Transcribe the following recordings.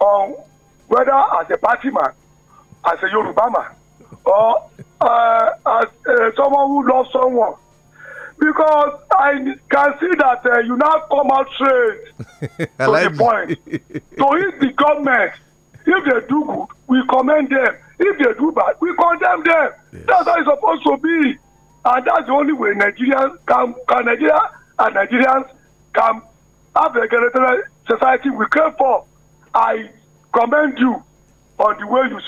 on whether as a party man, as a Yoruba man, or uh, as uh, someone who loves someone. Because I can see that uh, you now come out straight to like the point. so if the government, if they do good, we commend them. If they do bad, we condemn them. Yes. That's how it's supposed to be. And that's the only way Nigerians can, can Nigeria and Nigerians can have a generational society we care for. I commend you on the way you,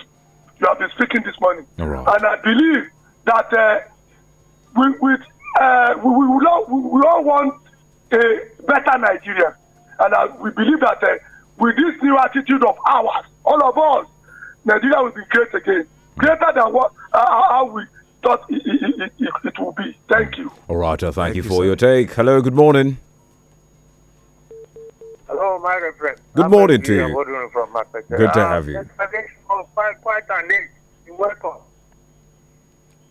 you have been speaking this morning. Right. And I believe that uh, we, we, uh, we, we, we, all, we all want a better Nigeria. And uh, we believe that uh, with this new attitude of ours, all of us, Nigeria will be great again, greater than what uh, how we thought it, it, it, it will be. Thank you. All right, uh, thank, thank you, you for sir. your take. Hello, good morning. Oh, my friend. Good I'm morning to you. Good to have you. Oh,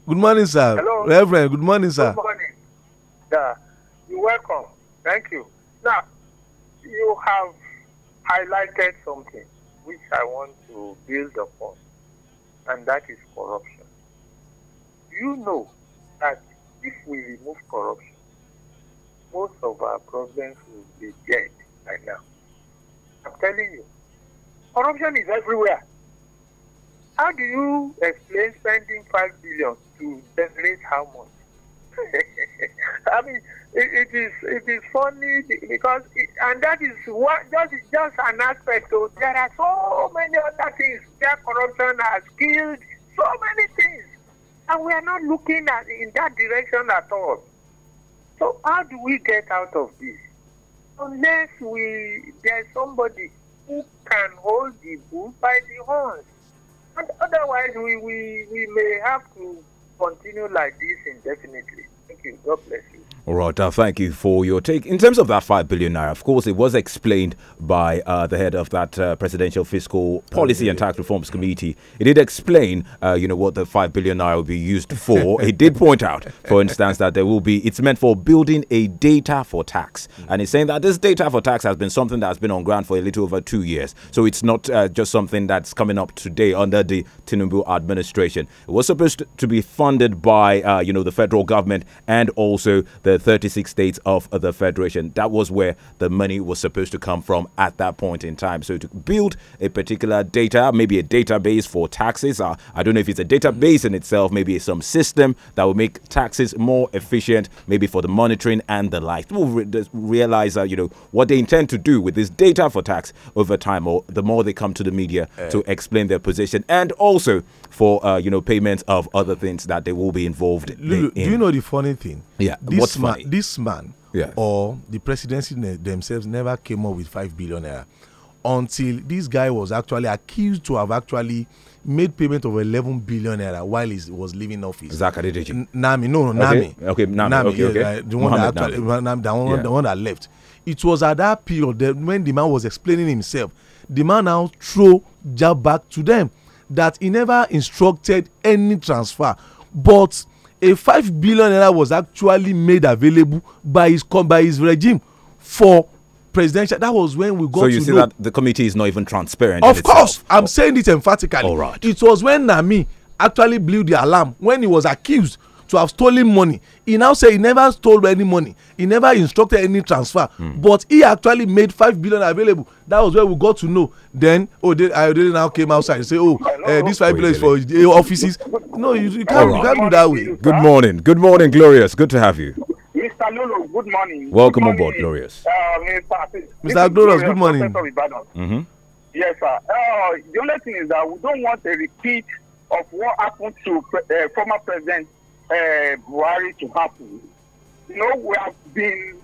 good morning, sir. Hello. Reverend, good morning, sir. Good morning. Yeah. You're welcome. Thank you. Now, you have highlighted something which I want to build upon, and that is corruption. You know that if we remove corruption, most of our problems will be dead by now. I'm telling you. Corruption is everywhere. How do you explain spending five billion to generate how much? I mean, it, it is it is funny because it, and that is what that is just an aspect. of there are so many other things that corruption has killed. So many things, and we are not looking at in that direction at all. So how do we get out of this? unless we there's somebody who can hold the bull by the horns. And otherwise, we, we, we may have to continue like this indefinitely. Thank you. God bless you. All right, uh, thank you for your take. In terms of that 5 billion naira, of course, it was explained by uh, the head of that uh, Presidential Fiscal Policy and Tax Reforms Committee. It did explain, uh, you know, what the 5 billion naira will be used for. it did point out, for instance, that there will be, it's meant for building a data for tax. And it's saying that this data for tax has been something that's been on ground for a little over two years. So it's not uh, just something that's coming up today under the Tinubu administration. It was supposed to be funded by, uh, you know, the federal government and also the the 36 states of the federation. That was where the money was supposed to come from at that point in time. So to build a particular data, maybe a database for taxes, uh, I don't know if it's a database in itself, maybe it's some system that will make taxes more efficient, maybe for the monitoring and the like. We'll re realize that, uh, you know, what they intend to do with this data for tax over time or the more they come to the media uh, to explain their position and also for, uh, you know, payments of other things that they will be involved Lulu, in. Do you know the funny thing? Yeah, this man, funny? this man, yeah. or the presidency themselves never came up with five billion naira until this guy was actually accused to have actually made payment of 11 billion naira while he was leaving office. Zakari Deji. Nami, no, no, okay. Nami. Okay, Nami. Nami okay, okay. the, one that actually, Nami. Nami, the, one, yeah. the one that left. It was at that period that when the man was explaining himself, the man now threw jab back to them that he never instructed any transfer. But a five billion naira was actually made available by his by his regime for presidential that was when we got so you see know. that the committee is not even transparent of course i'm oh. saying it emphatically all right it was when nami actually blew the alarm when he was accused to have stolen money he now say he never stole any money he never instructed any transfer mm. but he actually made five billion available that was where we got to know then oh they now came outside and say oh uh, this five billion is for uh, offices no you, you can't right. you can't do that way. good morning good morning glorious good to have you. Mr. Lolo, good morning. Welcome good morning. aboard, Glorious. Uh, Mr. Mr. Glorious, good morning. Mm -hmm. Yes, sir. Uh, the only thing is that we don't want a repeat of what happened to uh, former President uh, Buhari to happen. You know, we have been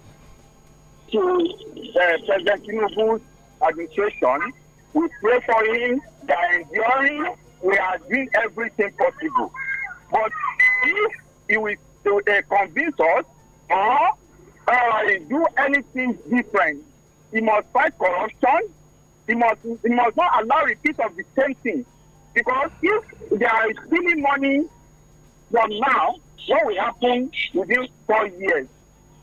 to uh, President Tinubu's administration. We pray for him that enduring, we are doing everything possible. But if he will uh, convince us or uh, do anything different, he must fight corruption. He must, he must not allow repeat of the same thing. Because if they are stealing money but now, what will happen within four years?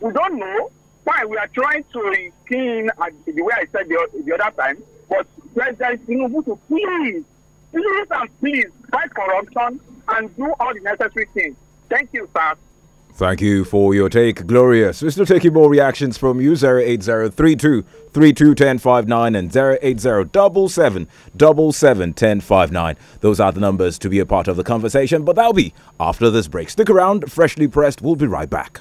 We don't know. Why we are trying to keen the way I said the, the other time, but President Tinubu to please, please and please fight corruption and do all the necessary things. Thank you, sir. Thank you for your take, Glorious. We're still taking more reactions from you 08032 321059 and double seven ten five nine. Those are the numbers to be a part of the conversation, but that'll be after this break. Stick around, freshly pressed. We'll be right back.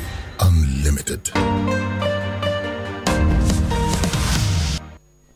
Limited.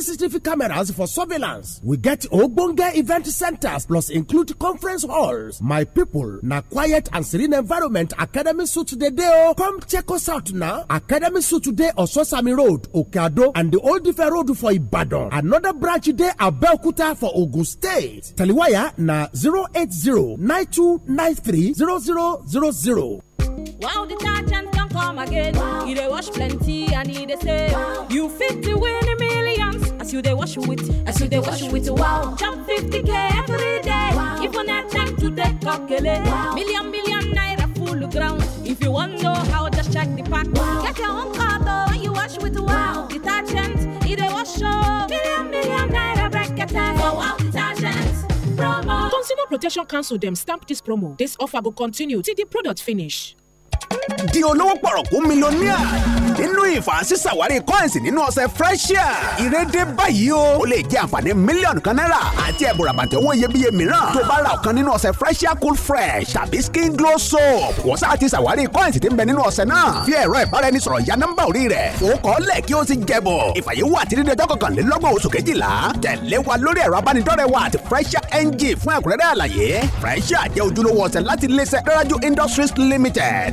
CCTV cameras for surveillance. We get ogbonge event centers plus include conference halls. My people, na quiet and serene environment Academy Suit today oh Come check us out now. Academy Suit today Sosami Road, Okeado and the Old Ife Road for Ibadan. Another branch at Belkuta for Ogun State. Taliwaya na 08092930000. wow detergent come again dey wash plenty and dey you fit win me as you they wash with, as you they wash with, wow. Jump 50k every day. Wow. If you not time to take calculate, wow. million million naira full ground. If you want to know how, just check the pack. Wow. Get your own car though when you wash with wow. wow. Detergent, it they wash oh. Million million naira bracket for wow detergent. Promo. Consumer Protection Council them stamp this promo. This offer will continue till the product finish. di olówó pọ̀rọ̀kú mílíọ̀nìà nínú ìfàǹsísàwárí coins nínú ọ̀sẹ̀ freshia ìrèdè báyìí o ó lè jẹ́ àǹfààní mílíọ̀nù kan náírà àti ẹ̀bùn ràbàtì owó iyebíye mìíràn tó bá ra ọ̀kan nínú ọ̀sẹ̀ freshia cool fresh tàbí skin glow soap wọ́n sá àti sàwárí coins ti ń bẹ nínú ọ̀sẹ̀ náà fi ẹ̀rọ ìbáraẹnisọ̀rọ̀ ya nọ́mbà orí rẹ̀ o kọ́ lẹ̀ kí ó sì jẹ̀bọ̀ ìfàyẹ̀wò àti dídé ọjọ́ kọkànlélọ́gbọ̀n oṣù kejìlá tẹ̀lé wa lórí ẹ̀rọ abánidọ́rẹ̀wá àti freshia ng fún ẹ̀kúnrẹ́rẹ́ àlàyé freshia jẹ́ ojúlówó ọ̀sẹ̀ láti iléeṣẹ́ Industries Limited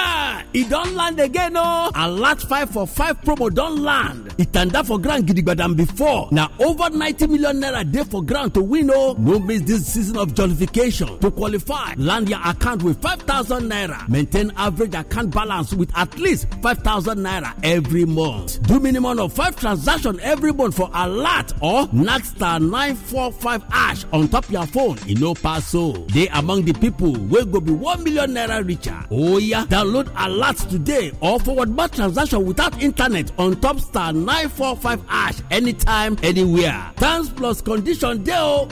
yeah e don land again ooo oh. alert 5 for 5 promo don land e tanda for ground gidigba than before na over 90 million naira dey for ground to win ooo oh. no miss dis season of jollification to qualify land your account with 5000 naira maintain average account balance with at least 5000 naira every month do minimum of 5 transactions every month for alert or star 945 ash on top your phone e no pass so oh. dey among di pipo wey go be 1 million naira richer oya download download alert today or forward my transaction without internet on top star 945 ash anytime anywhere thanks plus condition deo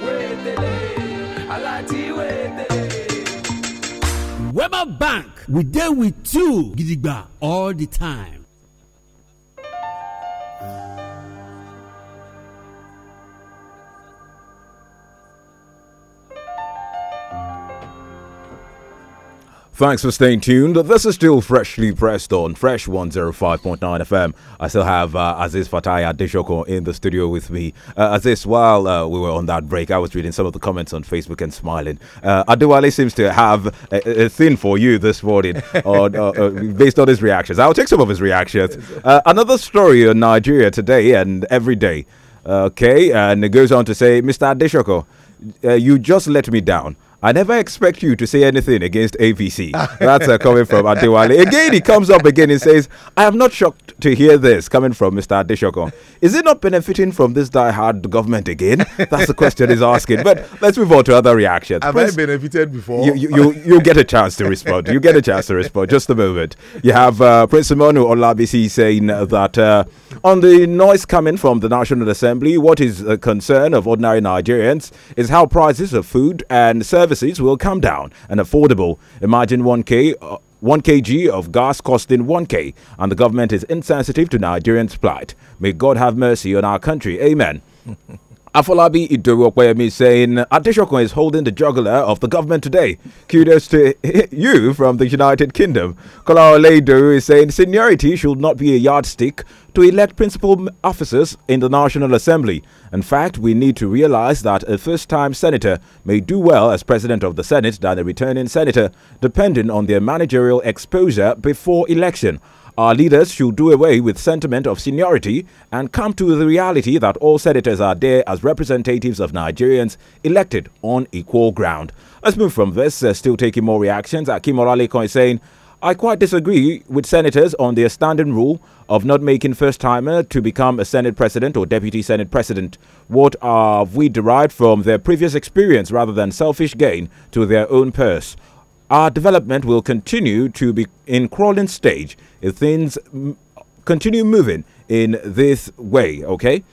weber bank we deal with you gidigba all the time Thanks for staying tuned. This is still freshly pressed on Fresh 105.9 FM. I still have uh, Aziz Fataya Deshoko in the studio with me. Uh, Aziz, while uh, we were on that break, I was reading some of the comments on Facebook and smiling. Uh, Adewale seems to have a, a thing for you this morning on, uh, uh, based on his reactions. I'll take some of his reactions. Uh, another story on Nigeria today and every day. Okay, and it goes on to say, Mr. Adeshoko, uh, you just let me down. I never expect you to say anything against APC. That's uh, coming from Adewale. Again, he comes up again and says, I am not shocked to hear this coming from Mr. Adeshoko. Is it not benefiting from this diehard government again? That's the question he's asking. But let's move on to other reactions. Have Prince, I benefited before? You, you, you, you, get a chance to respond. You get a chance to respond. Just a moment. You have uh, Prince Simonu Olabisi saying that uh, on the noise coming from the National Assembly, what is a concern of ordinary Nigerians is how prices of food and services services will come down and affordable. Imagine 1K. Uh, 1 kg of gas costing 1k, and the government is insensitive to Nigerians' plight. May God have mercy on our country. Amen. Afolabi Idorokpeyemi saying Adeshokun is holding the juggler of the government today. Kudos to you from the United Kingdom. Kolaole Doru is saying seniority should not be a yardstick to elect principal officers in the National Assembly. In fact, we need to realize that a first time senator may do well as president of the Senate than a returning senator, depending on their managerial exposure before election. Our leaders should do away with sentiment of seniority and come to the reality that all senators are there as representatives of Nigerians elected on equal ground. Let's move from this, uh, still taking more reactions. Akim Olale is saying, I quite disagree with senators on their standing rule of not making first timer to become a Senate president or deputy Senate president. What have we derived from their previous experience rather than selfish gain to their own purse? Our development will continue to be in crawling stage if things continue moving in this way, okay?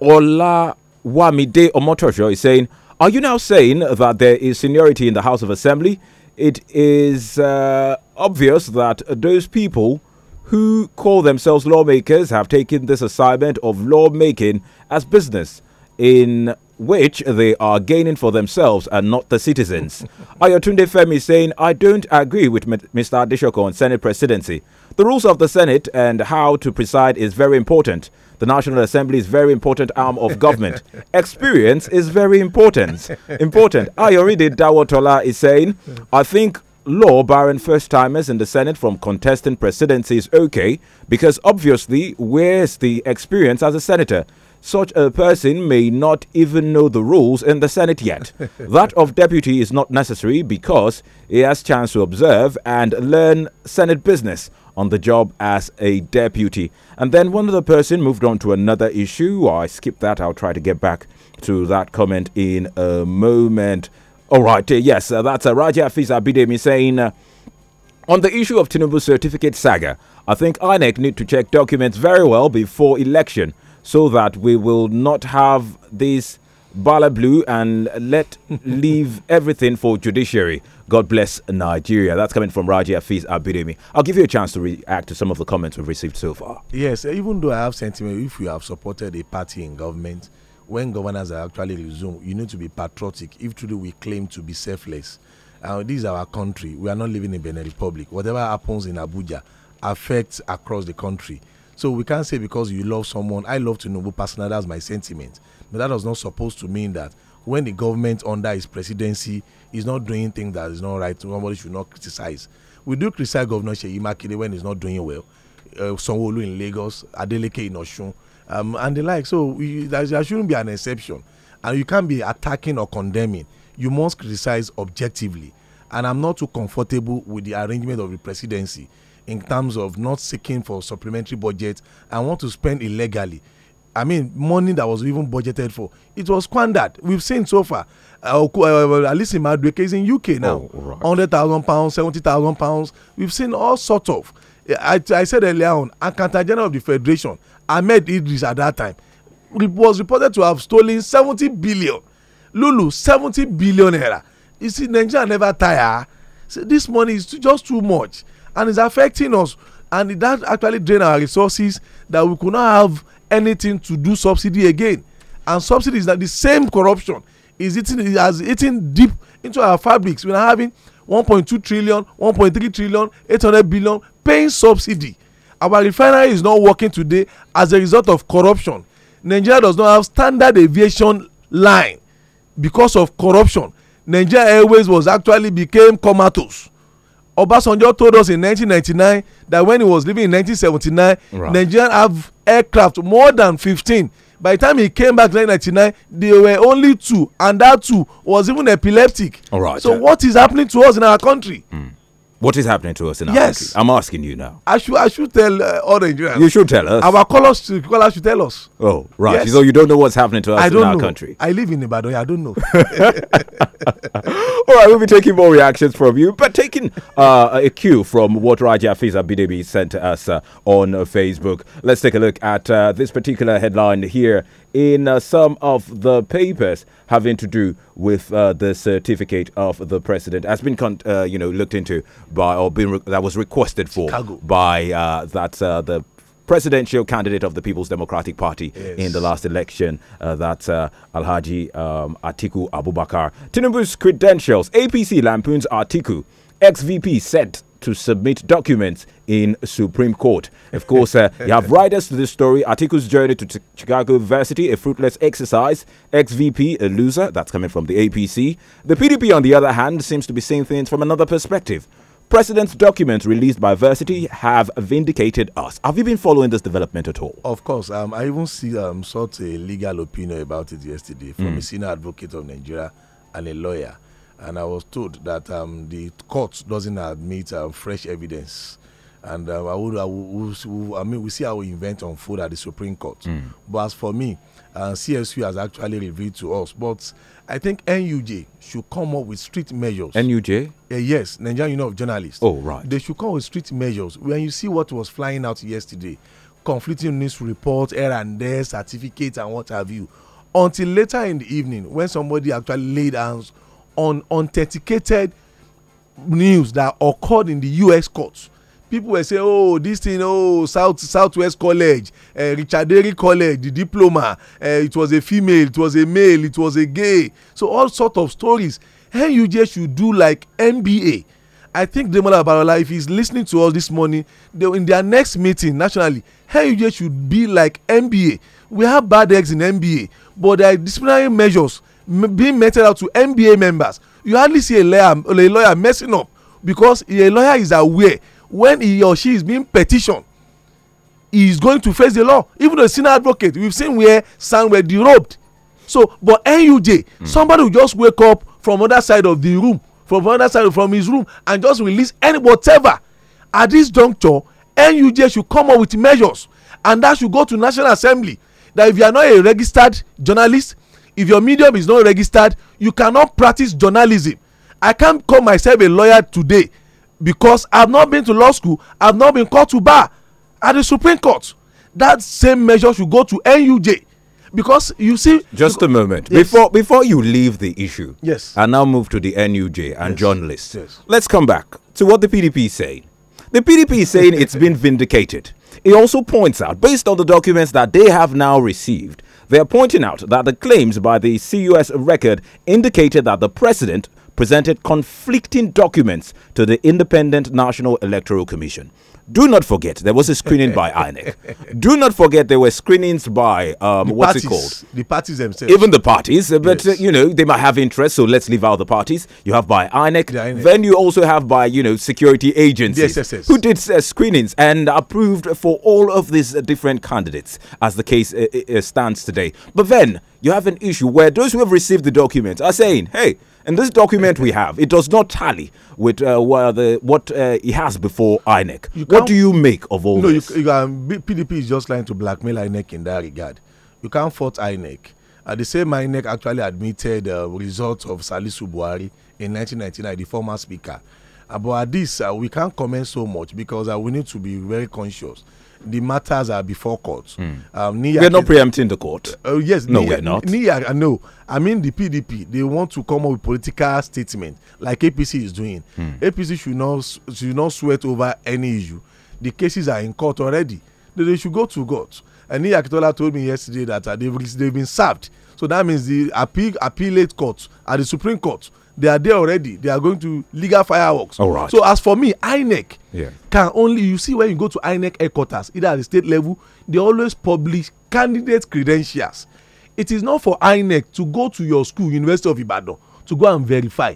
Ola Wamide Omotosho is saying, Are you now saying that there is seniority in the House of Assembly? it is uh, obvious that those people who call themselves lawmakers have taken this assignment of lawmaking as business in which they are gaining for themselves and not the citizens. Ayotunde Femi saying, I don't agree with Mr. Adeshoko on Senate presidency. The rules of the Senate and how to preside is very important the National Assembly is very important arm of government. Experience is very important. Important. Ayoride Dawotola is saying, I think law barring first timers in the Senate from contesting presidency is okay because obviously, where's the experience as a senator? Such a person may not even know the rules in the Senate yet. that of deputy is not necessary because he has chance to observe and learn Senate business on the job as a deputy. And then one other person moved on to another issue. I skipped that. I'll try to get back to that comment in a moment. All right, uh, yes, uh, that's uh, Raja Fiza Bidemi saying. Uh, on the issue of Tinubu certificate saga, I think INEC need to check documents very well before election so that we will not have this Bala Blue and let leave everything for judiciary. God bless Nigeria. That's coming from Raji Afiz Abidemi. I'll give you a chance to react to some of the comments we've received so far. Yes, even though I have sentiment, if you have supported a party in government, when governors are actually resumed, you need to be patriotic. If truly we claim to be selfless, uh, this is our country. We are not living in Benin Republic. Whatever happens in Abuja affects across the country. So we can't say because you love someone, I love Tinubu personally, that's my sentiment. But that does not supposed to mean that when the government under his presidency is not doing things that is not right, nobody should not criticize. We do criticize Governor Sheyi Makinde when he's not doing well. Uh, sanwo in Lagos, Adeleke in Osun, um, and the like. So there shouldn't be an exception. And you can't be attacking or condemning. You must criticize objectively. And I'm not too comfortable with the arrangement of the presidency in terms of not seeking for supplementary budget and want to spend illegally. I mean, money that was even budgeted for. It was squandered. We've seen so far. Uh, uh, uh least in my case, in UK now. Oh, right. 100,000 pounds, 70,000 pounds. We've seen all sorts of. Uh, I, I said earlier on, a General of the Federation, Ahmed Idris at that time, was reported to have stolen 70 billion. Lulu, 70 billion naira. You see, Nigeria never tire. See, this money is too, just too much and it's affecting us and that actually drain our resources that we could not have anything to do subsidy again and subsidy is that the same corruption is eating it has eaten deep into our fabrics we are having 1.2 trillion 1.3 trillion 800 billion paying subsidy our refinery is not working today as a result of corruption nigeria does not have standard aviation line because of corruption nigeria airways was actually became comatose Obasanjo told us in 1999 that when he was living in 1979, right. Nigerians have aircraft more than 15. By the time he came back in 1999, there were only two, and that two was even epileptic. All right. So yeah. what is happening to us in our country? Mm. What is happening to us in our yes. country? I'm asking you now. I should I should tell uh, all the Nigerians. You should tell us. Our colors should tell us. Oh right. Yes. So you don't know what's happening to us I don't in our know. country. I live in Ibadan. I don't know. all right, we'll be taking more reactions from you, but taking uh, a cue from what Raja Fiza Bidebi sent to us uh, on Facebook. Let's take a look at uh, this particular headline here in uh, some of the papers having to do with uh, the certificate of the president has been uh, you know looked into by or been that was requested for Chicago. by uh, that uh, the presidential candidate of the People's Democratic Party yes. in the last election. Uh, uh, Alhaji um, Atiku Abubakar. Tinubu's credentials. APC lampoons Atiku. XVP said to submit documents in Supreme Court. Of course, uh, you have writers to this story. Articles journey to Ch Chicago University, a fruitless exercise. XVP, a loser. That's coming from the APC. The PDP, on the other hand, seems to be seeing things from another perspective. President's documents released by Versity have vindicated us. Have you been following this development at all? Of course. Um, I even see um, sought a legal opinion about it yesterday from mm. a senior advocate of Nigeria and a lawyer. And I was told that um, the court doesn't admit um, fresh evidence and uh, I would, I, would, I mean, we see how we invent on food at the Supreme Court. Mm. But as for me, uh, CSU has actually revealed to us. But I think NUJ should come up with strict measures. NUJ? Uh, yes, Nigerian Union of Journalists. Oh, right. They should come with strict measures. When you see what was flying out yesterday, conflicting news reports, here and there, certificates, and what have you, until later in the evening when somebody actually laid hands on authenticated news that occurred in the US courts people were saying oh this thing oh south southwest college uh, richard Derry college the diploma uh, it was a female it was a male it was a gay so all sort of stories nuj should do like nba i think demola abarola if he's listening to us this morning they, in their next meeting nationally nuj should be like nba we have bad eggs in nba but there are disciplinary measures being meted out to nba members you hardly see a lawyer a lawyer messing up because a lawyer is aware when he or she is being petitioned he is going to face the law even a senior advocate we have seen where some were derobed so but nuj mm. somebody will just wake up from other side of the room from other side from his room and just release any whatever at this juncture nuj should come up with measures and that should go to national assembly that if you are not a registered journalist if your medium is not registered you cannot practice journalism i can't call myself a lawyer today because i've not been to law school i've not been called to bar at the supreme court that same measure should go to nuj because you see just a moment yes. before before you leave the issue yes I now move to the nuj and yes. journalists yes. let's come back to what the pdp is saying the pdp is saying it's been vindicated it also points out based on the documents that they have now received they are pointing out that the claims by the CUS record indicated that the president presented conflicting documents to the Independent National Electoral Commission. Do not forget there was a screening by INEC. Do not forget there were screenings by um, what's parties, it called? The parties themselves. Even the parties, uh, but uh, yes. uh, you know they might have interest, so let's leave out the parties. You have by INEC. The INEC. Then you also have by you know security agencies who did uh, screenings and approved for all of these uh, different candidates as the case uh, stands today. But then you have an issue where those who have received the documents are saying, "Hey, in this document we have, it does not tally with uh, what, the, what uh, he has before INEC. What do you make of all no, this? You, you can, PDP is just trying to blackmail INEC in that regard. You can't fault INEC. Uh, the same INEC actually admitted uh, results of Salisu Buhari in 1999, the former speaker. Uh, but at this uh, we can't comment so much because uh, we need to be very conscious the matters are before court. Mm. Um, we're not preempting the court. Uh, yes, no, Nia, we're not. Nia, no, I mean the PDP. They want to come up with political statement like APC is doing. Mm. APC should not should not sweat over any issue. The cases are in court already. They should go to court. And Nia Kitola told me yesterday that uh, they've, they've been served. So that means the appeal appellate court at the Supreme Court they are there already they are going to legal fireworks all right so as for me inec yeah. can only you see when you go to inec headquarters either at the state level they always publish candidate credentials it is not for inec to go to your school university of ibadan to go and verify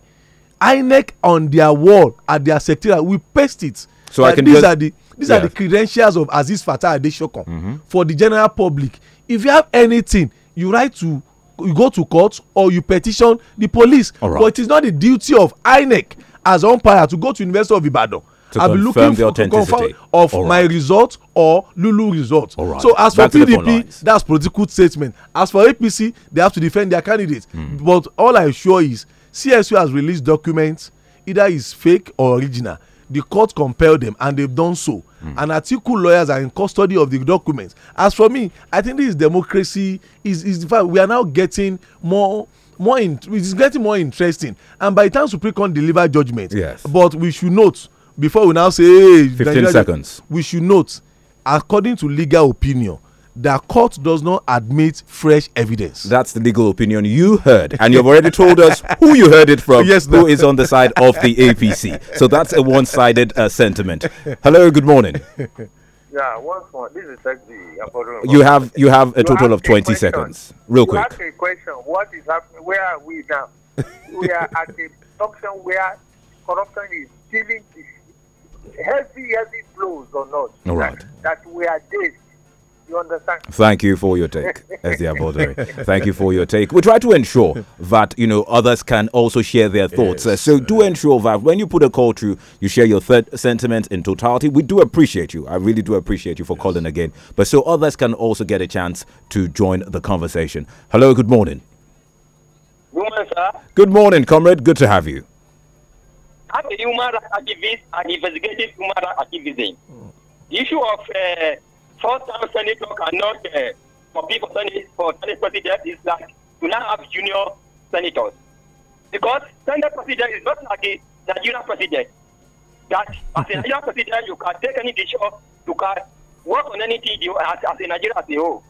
inec on their wall at their secretariat we paste it so like i can these just, are the these yeah. are the credentials of aziz fatah adesokan mm -hmm. for the general public if you have anything you write to you go to court or you petition the police right. but it is not the duty of inec as umpire to go to university of ibadan i be looking for confirm of right. my result or lulu result so as Back for pdp that's political statement as for apc they have to defend their candidates mm. but all i sure is csu has released documents either is fake or original the court compelled them and they've done so mm. and atiku lawyers are in custody of the documents as for me i think this democracy is is the fact we are now getting more more in it is getting more interesting and by the time supreme court deliver judgment yes but we should note before we now say hey, 15 Nigeria, seconds we should note according to legal opinion the court does not admit fresh evidence. That's the legal opinion you heard, and you've already told us who you heard it from, yes, who is on the side of the APC. So that's a one-sided uh, sentiment. Hello, good morning. Yeah, once more. This is XG. You have you have a total of twenty seconds, real you quick. a question. What is happening? Where are we now? we are at a function where corruption is dealing heavy, heavy blows or not. All right. That, that we are dead you understand? Thank you for your take, Ezia Bodari. Thank you for your take. We try to ensure that you know others can also share their thoughts. Yes. so do ensure that when you put a call through, you share your third sentiment in totality. We do appreciate you. I really do appreciate you for yes. calling again. But so others can also get a chance to join the conversation. Hello. Good morning. Good morning, sir. Good morning, comrade. Good to have you. I'm a human rights activist and investigative human rights activism. The issue of uh, 4,000 network are not uh, for people Senate, for Senate president is like to now have junior senators. Because Senate president is not like a Nigerian president. That as a Nigerian president, you can take any issue, you can work on anything you, as, as a Nigerian as a whole.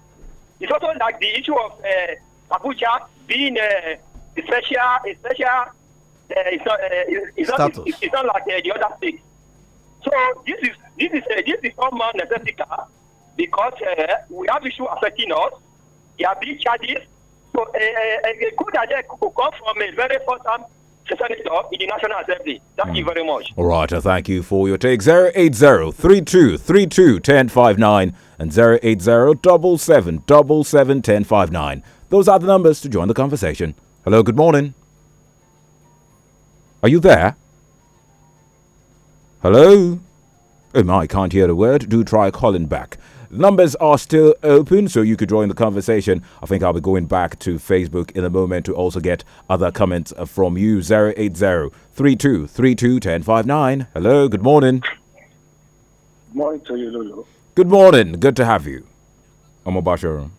It's also like the issue of uh, Abuja being uh, a special, a special, uh, it's, not, uh, it's, not, it's, it's, not like uh, the other states. So this is this is uh, this is common necessity because uh, we have issue affecting us. There are big charges. So uh, uh, uh, a, a good idea could come from a very first time senator in the National Assembly. Thank mm. you hmm. very much. All right, thank you for your take. 080-3232-1059 and 080-777-1059. Those are the numbers to join the conversation. Hello, good morning. Are you there? Hello? Oh my, can't hear a word. Do try calling back. Numbers are still open, so you could join the conversation. I think I'll be going back to Facebook in a moment to also get other comments from you. 080 32 1059. Hello, good morning. Good morning to you, Lulu. Good morning. Good to have you. I'm Obashiru.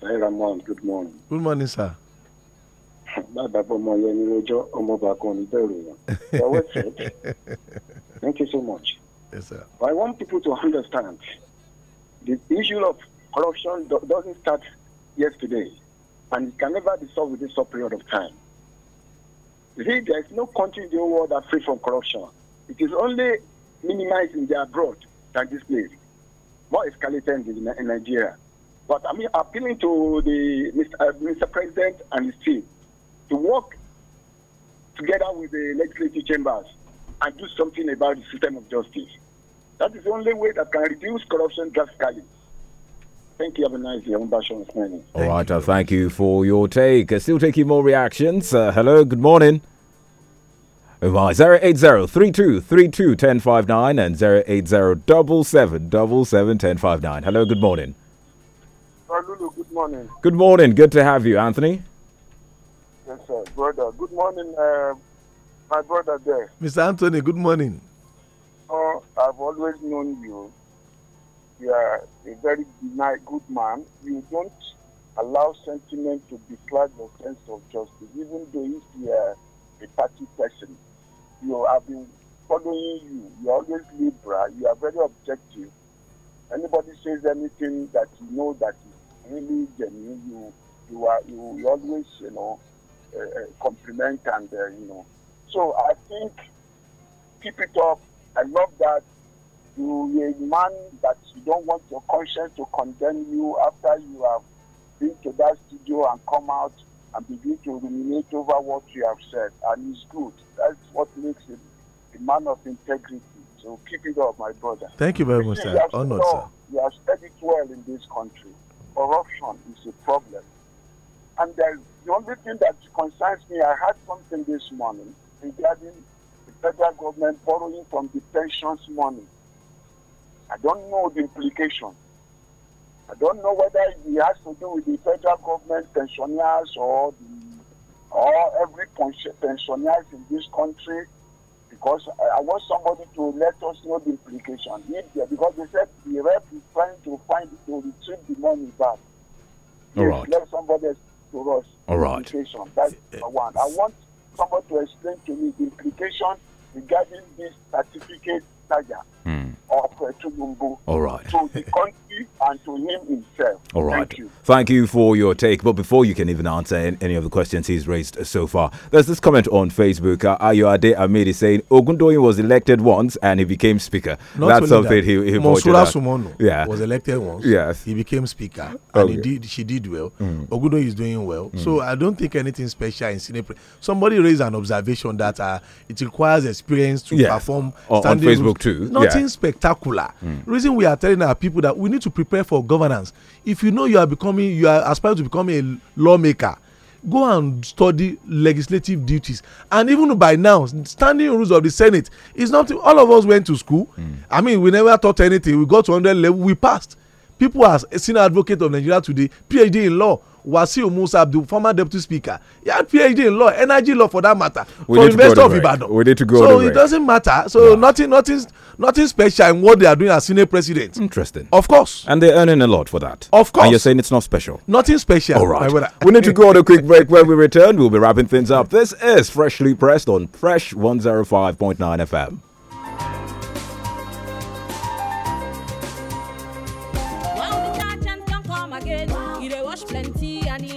Hey, Ramon. Good morning. Good morning, sir. Thank you so much. Yes, sir. I want people to understand the issue of corruption do doesn't start yesterday and it can never be solved within short period of time. You see, there is no country in the world that is free from corruption. It is only minimizing the abroad that this place. More escalated in, in Nigeria. But I'm mean, appealing to the Mr. Uh, Mr. President and his team to work together with the legislative chambers and do something about the system of justice. That is the only way that can reduce corruption drastically. Thank you. Have a nice day. i thank You. Uh, thank you for your take. Uh, still taking more reactions. Uh, hello. Good morning. Well, 80 3232 and 80 double seven ten five nine. Hello, good morning. Lulu, good morning. Good morning. Good to have you, Anthony. Yes, sir. Brother, good morning, uh, my brother there. Mr. Anthony, good morning. I've always known you. You are a very good man. You don't allow sentiment to deflate your sense of justice, even though if you are a party person. You have been following you. You are always liberal. You are very objective. Anybody says anything that you know that is really genuine, you you are you, you always you know uh, uh, compliment and uh, you know. So I think keep it up. I love that you are a man that you don't want your conscience to condemn you after you have been to that studio and come out and begin to ruminate over what you have said. And it's good. That's what makes him a man of integrity. So keep it up, my brother. Thank you very much, sir. Honored, sir. You have studied it well in this country. Corruption is a problem. And uh, the only thing that concerns me, I had something this morning regarding federal government borrowing from the pensions money. I don't know the implication. I don't know whether it has to do with the federal government pensioners or the, or every pensioners in this country. Because I, want somebody to let us know the implication. because they said the rep is trying to find to retrieve the money back. All right. Let somebody to us. All right. That's the eh, eh, one. I want somebody to explain to me the implication regarding this certificate mm. of uh, All right. to the country and to him himself. All right. Thank you. Thank you for your take. But before you can even answer any of the questions he's raised so far, there's this comment on Facebook. Uh, Ayoade Amiri saying Ogundoyin was elected once and he became speaker. Not That's something that. he, he Monsura Sumono yeah. was elected once. Yes. He became speaker and oh, he did, she did well. Mm. Ogundoyin is doing well. Mm. So I don't think anything special in Senate. Somebody raised an observation that uh, it requires experience to perform on, on Facebook too. Nothing yeah. spectacular. Mm. Reason we are telling our people that we need to prepare for governance. If you know you are becoming, you are aspiring to become a lawmaker, go and study legislative duties. And even by now, standing rules of the Senate is not. All of us went to school. Mm. I mean, we never taught anything. We got to under level, we passed. People are senior advocate of Nigeria today, PhD in law Wasiu Musa the former deputy speaker. He had PhD in law, energy law for that matter, we for investor of Ibadan. We need to go So it doesn't matter. So nothing, nothing, nothing special in what they are doing as senior president. Interesting. Of course. And they're earning a lot for that. Of course. And you're saying it's not special. Nothing special. All right. we need to go on a quick break. When we return, we'll be wrapping things up. This is freshly pressed on Fresh 105.9 FM.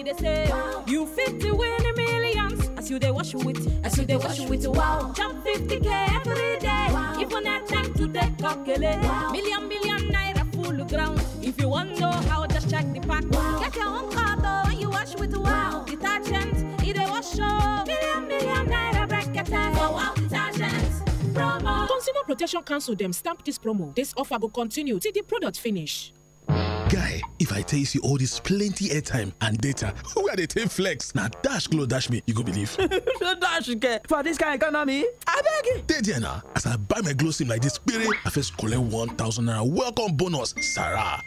they say, You 50 win a millions. As you they wash you with, as you they wash you with, wow. Jump 50k every day. Wow. If you not time to take calculate. Eh? Wow. Million, million naira full ground. If you want know how, just check the pack. Wow. Get your own car though you wash with, wow. Detergent, it they wash you. Million, million naira bracket. Eh? Wow, wow, detergent. Promo. Consumer Protection Council them stamp this promo. This offer will continue till the product finish guy if i tell you see all this plenty airtime and data wey i dey take flex Now dash glow dash me you go believe dash get for this kind economy I abeg dey there na as i buy my glow sim like this period, i first collect one thousand naira welcome bonus sarah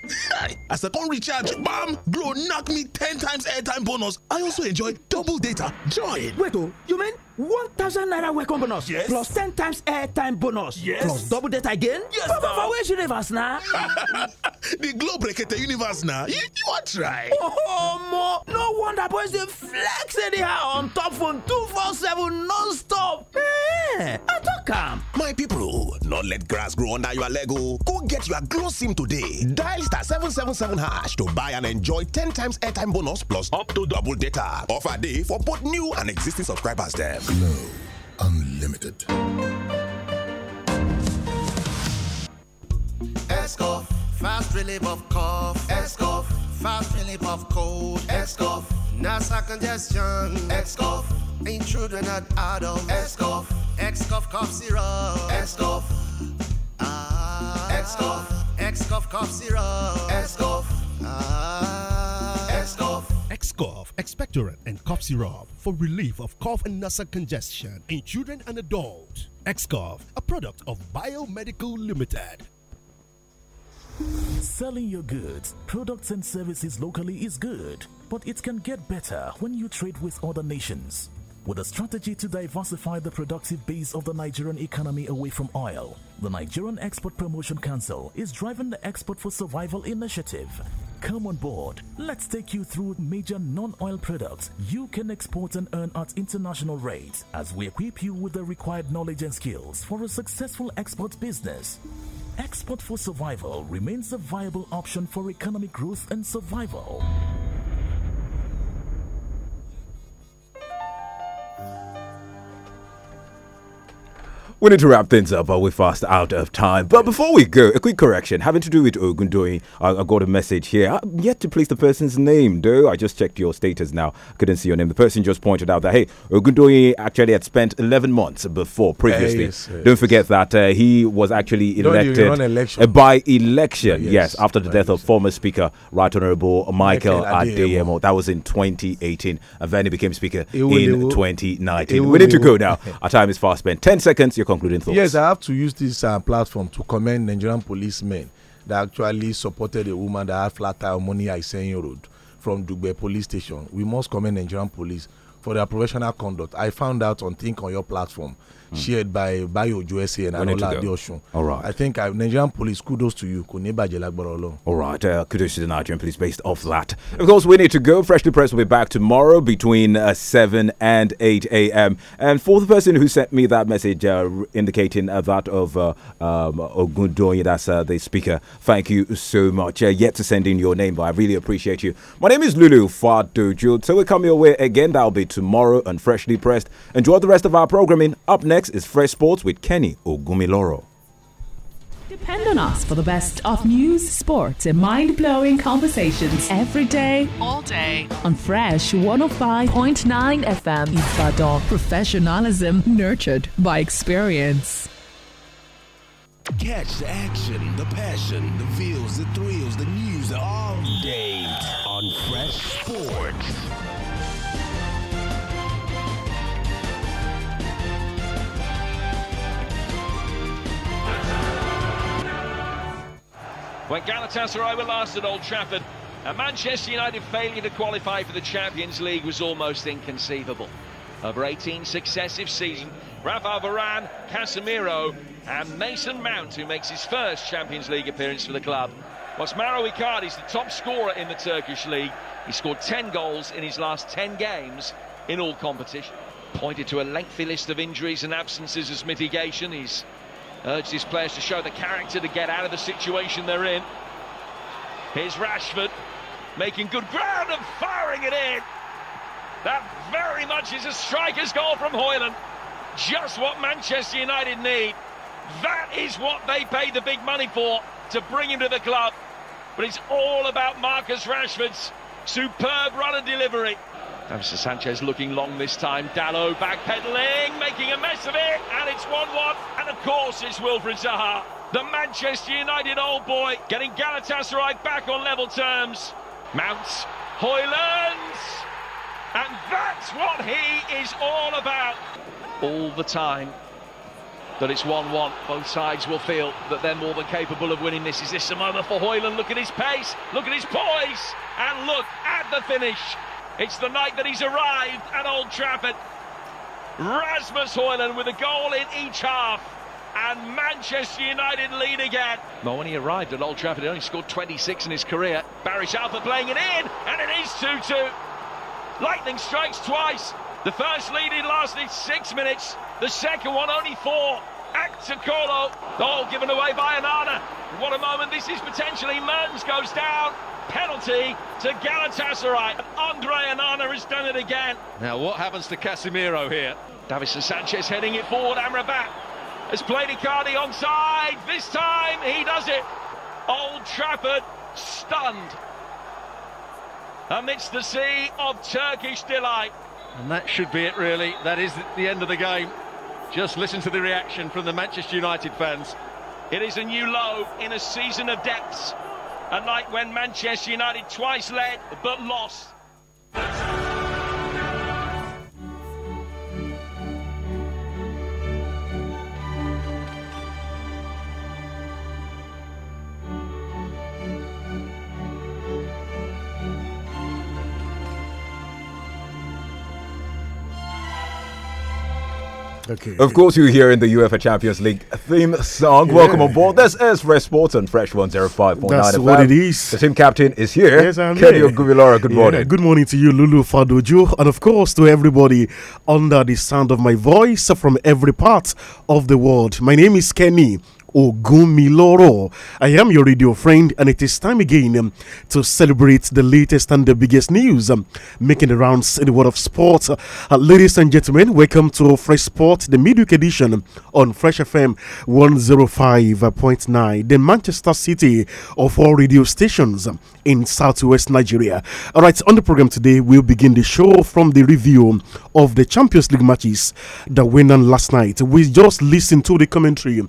as i come recharge bam glow knock me ten times airtime bonus i also enjoy double data join wait o oh, you mean 1000 naira welcome bonus yes plus 10 times airtime bonus yes plus double data again yes papa for which universe now? the globe the universe now. you wan try oh mo no wonder boys they flex anyhow on top phone 247 non-stop ehn i not come. my people, not let grass grow under your lego. Oh. go get your glow sim today dial star 777 hash to buy and enjoy 10 times airtime bonus plus up to double data offer day for both new and existing subscribers dem Glow Unlimited. Escoff, fast relief of cough. Escoff, fast relief of cold. Escoff, NASA congestion. Escoff, in children and adults. Escoff, Escoff cough syrup. Escoff, ah. Escoff, Escoff cough syrup. Escoff, ah. Escoff. Cough, expectorant, and cough syrup for relief of cough and nasal congestion in children and adults. Xcough, a product of Biomedical Limited. Selling your goods, products, and services locally is good, but it can get better when you trade with other nations. With a strategy to diversify the productive base of the Nigerian economy away from oil, the Nigerian Export Promotion Council is driving the Export for Survival initiative Come on board. Let's take you through major non oil products you can export and earn at international rates as we equip you with the required knowledge and skills for a successful export business. Export for survival remains a viable option for economic growth and survival. We need to wrap things up, but we're fast out of time. But before we go, a quick correction having to do with Ogundoi. I, I, got a message here. I'm yet to place the person's name, though. I just checked your status now. Couldn't see your name. The person just pointed out that, hey, Ogundoi actually had spent 11 months before previously. Yes, yes. Don't forget that uh, he was actually elected election. Uh, by election, yes, yes after the death of former Speaker, Right Honorable Michael Adeyemo. That was in 2018. And then he became Speaker in 2019. We need to go now. Our time is fast spent. 10 seconds concluding thoughts. Yes, I have to use this uh, platform to commend Nigerian policemen that actually supported a woman that had flat tire money you Road from Dugbe police station. We must commend Nigerian police for their professional conduct. I found out on Think on your platform Hmm. shared by Bayojo SA and Anola Adeosun. All right. I think uh, Nigerian police, kudos to you. All right. Uh, kudos to the Nigerian police based off that. Of course, we need to go. Freshly Press will be back tomorrow between uh, 7 and 8 a.m. And for the person who sent me that message uh, indicating uh, that of uh, um, Ogundoye, that's uh, the speaker, thank you so much. yet to send in your name, but I really appreciate you. My name is Lulu Fadojo. So we come your way again. That'll be tomorrow on Freshly Pressed. Enjoy the rest of our programming. Up next. Next is Fresh Sports with Kenny Ogumiloro. Depend on us for the best of news, sports, and mind blowing conversations every day, all day on Fresh 105.9 FM Ibadan. Professionalism nurtured by experience. Catch the action, the passion, the feels, the thrills, the news all day on Fresh Sports. When Galatasaray were last at Old Trafford, a Manchester United failure to qualify for the Champions League was almost inconceivable. Over 18 successive seasons, Rafael Varane, Casemiro and Mason Mount, who makes his first Champions League appearance for the club. Whilst Maro Icardi is the top scorer in the Turkish league, he scored 10 goals in his last 10 games in all competition. Pointed to a lengthy list of injuries and absences as mitigation, he's urged his players to show the character to get out of the situation they're in. Here's Rashford, making good ground and firing it in. That very much is a striker's goal from Hoyland. Just what Manchester United need. That is what they paid the big money for, to bring him to the club. But it's all about Marcus Rashford's superb run and delivery. Davison Sanchez looking long this time. Dallo backpedaling, making a mess of it, and it's 1-1. And of course, it's Wilfred Zaha, the Manchester United old boy, getting Galatasaray back on level terms. Mounts, Hoyland, and that's what he is all about. All the time that it's 1-1. Both sides will feel that they're more than capable of winning this. Is this a moment for Hoyland? Look at his pace, look at his poise, and look at the finish. It's the night that he's arrived at Old Trafford. Rasmus Hoyland with a goal in each half. And Manchester United lead again. Well, when he arrived at Old Trafford, he only scored 26 in his career. Barish Alpha playing it in, and it is 2-2. Lightning strikes twice. The first lead leading lasted six minutes. The second one only four. Actacolo. All given away by Anana. What a moment this is potentially. Mertens goes down penalty to Galatasaray. Andre Anana has done it again. Now, what happens to Casemiro here? Davison Sanchez heading it forward. Amrabat has played Icardi onside. This time he does it. Old Trafford stunned amidst the sea of Turkish delight. And that should be it, really. That is the end of the game. Just listen to the reaction from the Manchester United fans. It is a new low in a season of depths like when Manchester United twice led but lost. Okay. Of course, you're here in the UEFA Champions League theme song. Yeah. Welcome aboard. This is Fresh Sports and Fresh 105.9 That's FM. what it is. The team captain is here. Yes, I'm Kenny here. good morning. Yeah, good morning to you, Lulu Fadojo. And of course, to everybody under the sound of my voice from every part of the world. My name is Kenny Ogumiloro. I am your radio friend, and it is time again um, to celebrate the latest and the biggest news um, making the rounds in the world of sport. Uh, ladies and gentlemen, welcome to Fresh Sport, the midweek edition um, on Fresh FM 105.9, the Manchester City of all radio stations um, in southwest Nigeria. All right, on the program today, we'll begin the show from the review of the Champions League matches that went on last night. We just listened to the commentary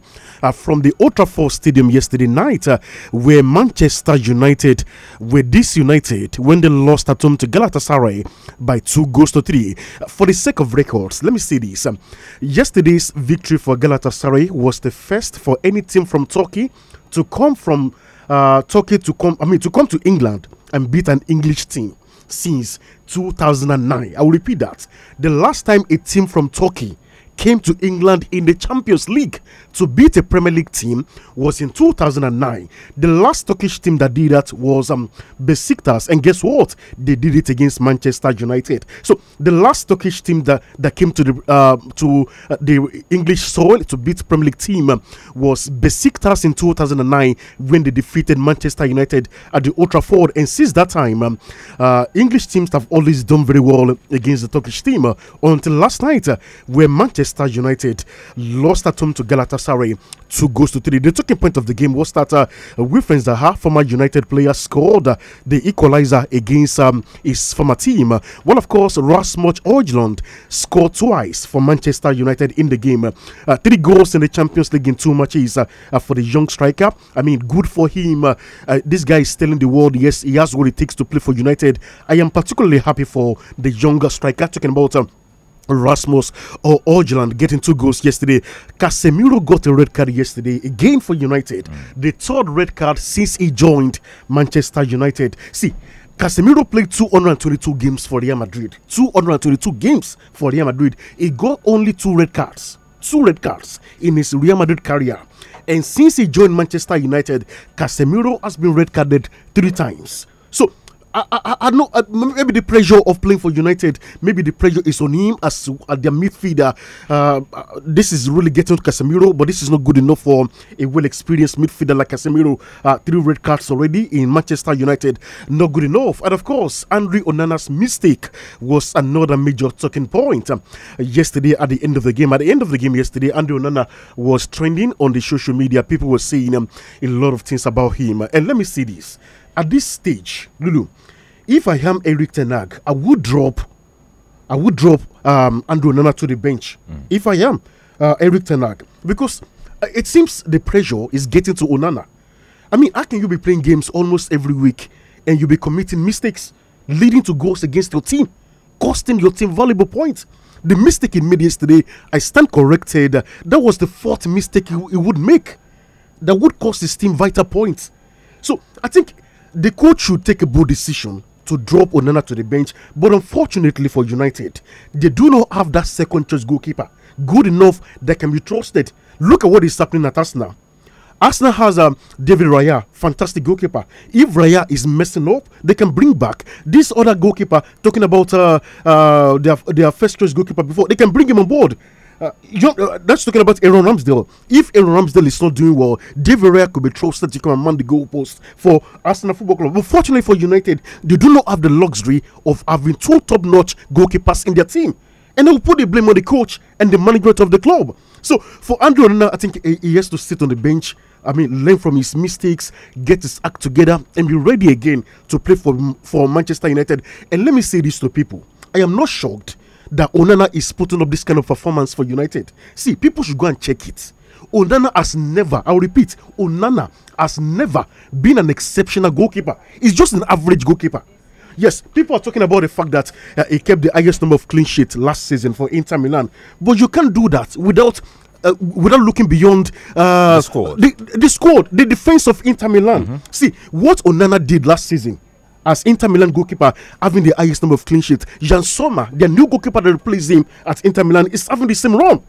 uh, from from the Old Trafford Stadium yesterday night, uh, where Manchester United were disunited when they lost at home to Galatasaray by two goals to three. For the sake of records, let me say this: um, yesterday's victory for Galatasaray was the first for any team from Turkey to come from uh, Turkey to come. I mean, to come to England and beat an English team since 2009. I will repeat that: the last time a team from Turkey came to England in the Champions League to beat a Premier League team was in 2009. The last Turkish team that did that was um, Besiktas, and guess what? They did it against Manchester United. So the last Turkish team that, that came to the uh, to uh, the English soil to beat Premier League team um, was Besiktas in 2009 when they defeated Manchester United at the Old Trafford. And since that time, um, uh, English teams have always done very well against the Turkish team uh, until last night, uh, where Manchester Manchester United lost at home to Galatasaray, two goals to three. The talking point of the game was that uh, Wilfred Zaha, former United player, scored uh, the equalizer against um, his former team. Uh, well, of course, Rasmus Højlund scored twice for Manchester United in the game. Uh, three goals in the Champions League in two matches uh, uh, for the young striker. I mean, good for him. Uh, this guy is telling the world, yes, he has what it takes to play for United. I am particularly happy for the younger striker. Talking about um, Rasmus or Orgeland getting two goals yesterday. Casemiro got a red card yesterday again for United. Mm. The third red card since he joined Manchester United. See, Casemiro played 222 games for Real Madrid. 222 games for Real Madrid. He got only two red cards. Two red cards in his Real Madrid career. And since he joined Manchester United, Casemiro has been red carded three times. So I, I, I know uh, maybe the pressure of playing for United, maybe the pressure is on him as uh, their midfielder. Uh, uh, this is really getting to Casemiro, but this is not good enough for a well experienced midfielder like Casemiro. Uh, three red cards already in Manchester United, not good enough. And of course, Andre Onana's mistake was another major talking point uh, yesterday at the end of the game. At the end of the game yesterday, Andre Onana was trending on the social media. People were saying um, a lot of things about him. And let me see this at this stage, Lulu, if I am Eric Tenag, I would drop, I would drop um, Andrew Nana to the bench. Mm. If I am uh, Eric Tenag, because uh, it seems the pressure is getting to Onana. I mean, how can you be playing games almost every week and you be committing mistakes leading to goals against your team, costing your team valuable points? The mistake he made yesterday, I stand corrected. That was the fourth mistake he, he would make that would cost his team vital points. So I think the coach should take a bold decision to drop Onana to the bench. But unfortunately for United, they do not have that second choice goalkeeper good enough that can be trusted. Look at what is happening at Arsenal. Arsenal has um, David Raya, fantastic goalkeeper. If Raya is messing up, they can bring back this other goalkeeper. Talking about uh, uh, their their first choice goalkeeper before, they can bring him on board. Uh, you, uh, that's talking about Aaron Ramsdale. If Aaron Ramsdale is not doing well, David Rea could be trusted to command the goalpost for Arsenal Football Club. But fortunately for United, they do not have the luxury of having two top-notch goalkeepers in their team and they will put the blame on the coach and the management of the club. So for Andrew Onana, I think he has to sit on the bench. I mean, learn from his mistakes, get his act together, and be ready again to play for for Manchester United. And let me say this to people: I am not shocked that Onana is putting up this kind of performance for United. See, people should go and check it. Onana has never, I'll repeat, Onana has never been an exceptional goalkeeper. He's just an average goalkeeper. Yes, people are talking about the fact that uh, he kept the highest number of clean sheets last season for Inter Milan, but you can't do that without uh, without looking beyond uh, the squad, the, the, the, defense of Inter Milan. Mm -hmm. See what Onana did last season as Inter Milan goalkeeper having the highest number of clean sheets. Jan Sommer, their new goalkeeper that replaced him at Inter Milan, is having the same run.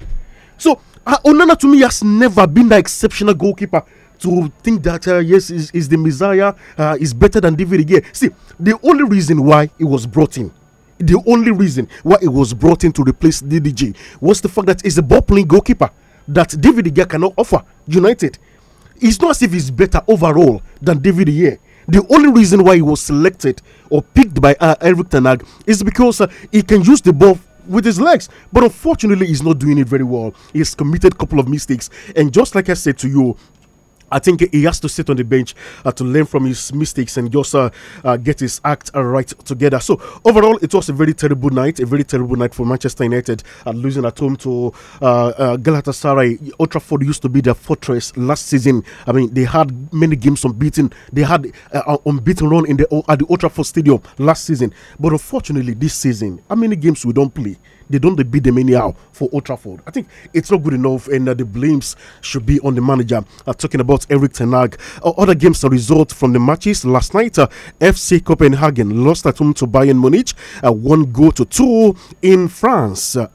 So uh, Onana to me has never been the exceptional goalkeeper to think that uh, yes is, is the Messiah uh, is better than David Gea. See, the only reason why he was brought in, the only reason why he was brought in to replace DDG was the fact that he's a ball playing goalkeeper that David Gea cannot offer United. It's not as if he's better overall than David Gea. The only reason why he was selected or picked by uh, Eric Tanag is because uh, he can use the ball with his legs. But unfortunately, he's not doing it very well. He's committed a couple of mistakes. And just like I said to you, I think he has to sit on the bench uh, to learn from his mistakes and just uh, uh, get his act uh, right together. So overall, it was a very terrible night, a very terrible night for Manchester United, uh, losing at home to uh, Galatasaray. Old Trafford used to be their fortress last season. I mean, they had many games unbeaten. They had uh, unbeaten run in the at the Old Trafford Stadium last season. But unfortunately, this season, how many games we don't play? they don't they beat them anyhow for Old Trafford. I think it's not good enough, and uh, the blames should be on the manager. Uh, talking about Eric Tenag. Uh, other games and result from the matches last night: uh, FC Copenhagen lost at home to Bayern Munich, uh, one goal to two in France. Uh,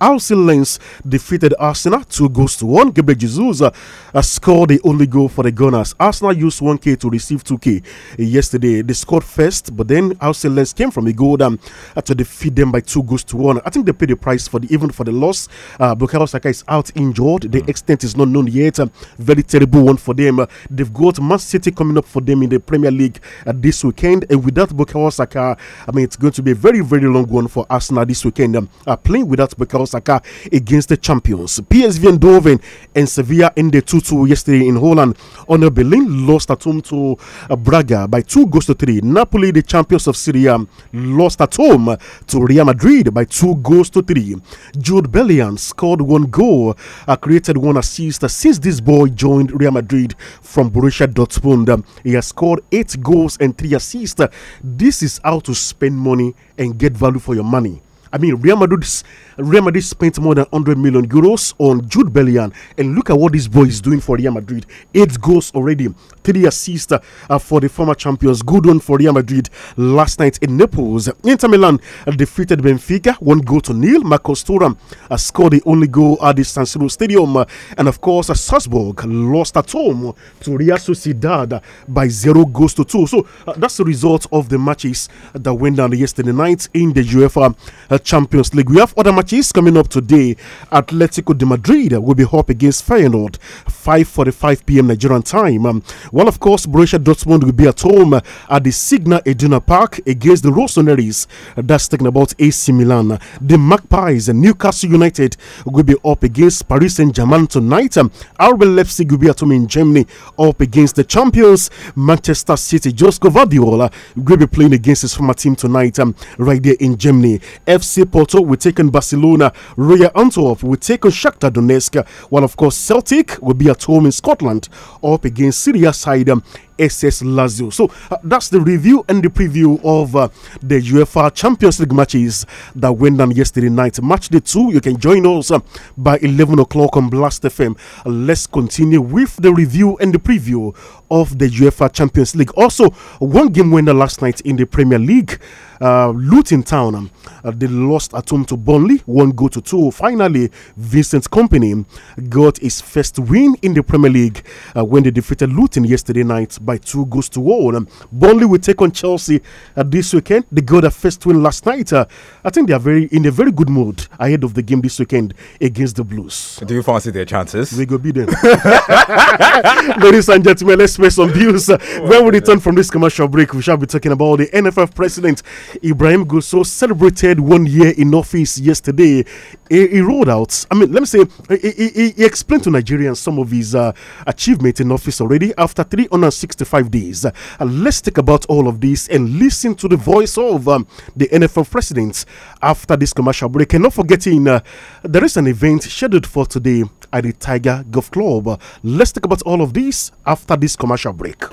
Lens defeated Arsenal two goals to one. Gabriel Jesus uh, scored the only goal for the Gunners. Arsenal used 1k to receive 2k yesterday. They scored first, but then Alcine Lens came from a goal down um, to defeat them by two goals to one. I think they paid the price for the even for the loss. Uh, Bukayo Saka is out injured. The hmm. extent is not known yet. Um, very terrible one for them. Uh, they've got Man City coming up for them in the Premier League uh, this weekend, and without Bukayo Saka, I mean it's going to be a very very long one for Arsenal this weekend. Um, uh, playing without Bukayo Saka against the champions PSV Eindhoven and Sevilla ended 2-2 yesterday in Holland. On a Berlin lost at home to uh, Braga by two goals to three. Napoli, the champions of Syria, lost at home to Real Madrid by two goals to three. Jude Bellion scored one goal, uh, created one assist uh, since this boy joined Real Madrid from Borussia Dortmund. Um, he has scored eight goals and three assists. Uh, this is how to spend money and get value for your money. I mean, Real Madrid's Real Madrid spent more than 100 million euros on Jude Bellian. And look at what this boy is doing for Real Madrid. Eight goals already, three assists uh, for the former champions. Good one for Real Madrid last night in Naples. Inter Milan defeated Benfica, one goal to nil. Marcos Thuram uh, scored the only goal at the San Siro Stadium. Uh, and of course, uh, Salzburg lost at home to Real Sociedad by zero goals to two. So uh, that's the result of the matches that went down yesterday night in the UEFA uh, Champions League. We have other matches matches coming up today. Atletico de Madrid will be up against Feyenoord, 5:45 p.m. Nigerian time. Um, well, of course, Borussia Dortmund will be at home at the Signa Iduna Park against the Rossoneri's. That's talking about AC Milan. The Magpies and Newcastle United will be up against Paris Saint-Germain tonight. Um, RB Leipzig will be at home in Germany up against the champions Manchester City. Josco Vadiola will be playing against his former team tonight um, right there in Germany. FC Porto will take on Barcelona Barcelona. Real Antwerp will take on Shakhtar Donetsk, while of course Celtic will be at home in Scotland up against Syria side um, SS Lazio. So uh, that's the review and the preview of uh, the UEFA Champions League matches that went down yesterday night. Match day two, you can join us uh, by 11 o'clock on Blast FM. let's continue with the review and the preview of the UEFA Champions League. Also, one game winner last night in the Premier League. Uh, Luton Town, um, uh, they lost at home to Burnley, one goal to two. Finally, Vincent Company got his first win in the Premier League uh, when they defeated Luton yesterday night by two goals to one. Um, Burnley will take on Chelsea uh, this weekend. They got a first win last night. Uh, I think they are very in a very good mood ahead of the game this weekend against the Blues. Do you fancy their chances? We go beat them. Ladies and gentlemen, let's make some views. Uh, oh, when we return from this commercial break, we shall be talking about the NFF president Ibrahim Gusso celebrated one year in office yesterday. He, he, rolled out. I mean, let me say, he, he, he explained to Nigerians some of his uh, achievements in office already after 365 days. Uh, let's talk about all of this and listen to the voice of um, the NFL president after this commercial break. And not forgetting, uh, there is an event scheduled for today at the Tiger Golf Club. Uh, let's talk about all of this after this commercial break.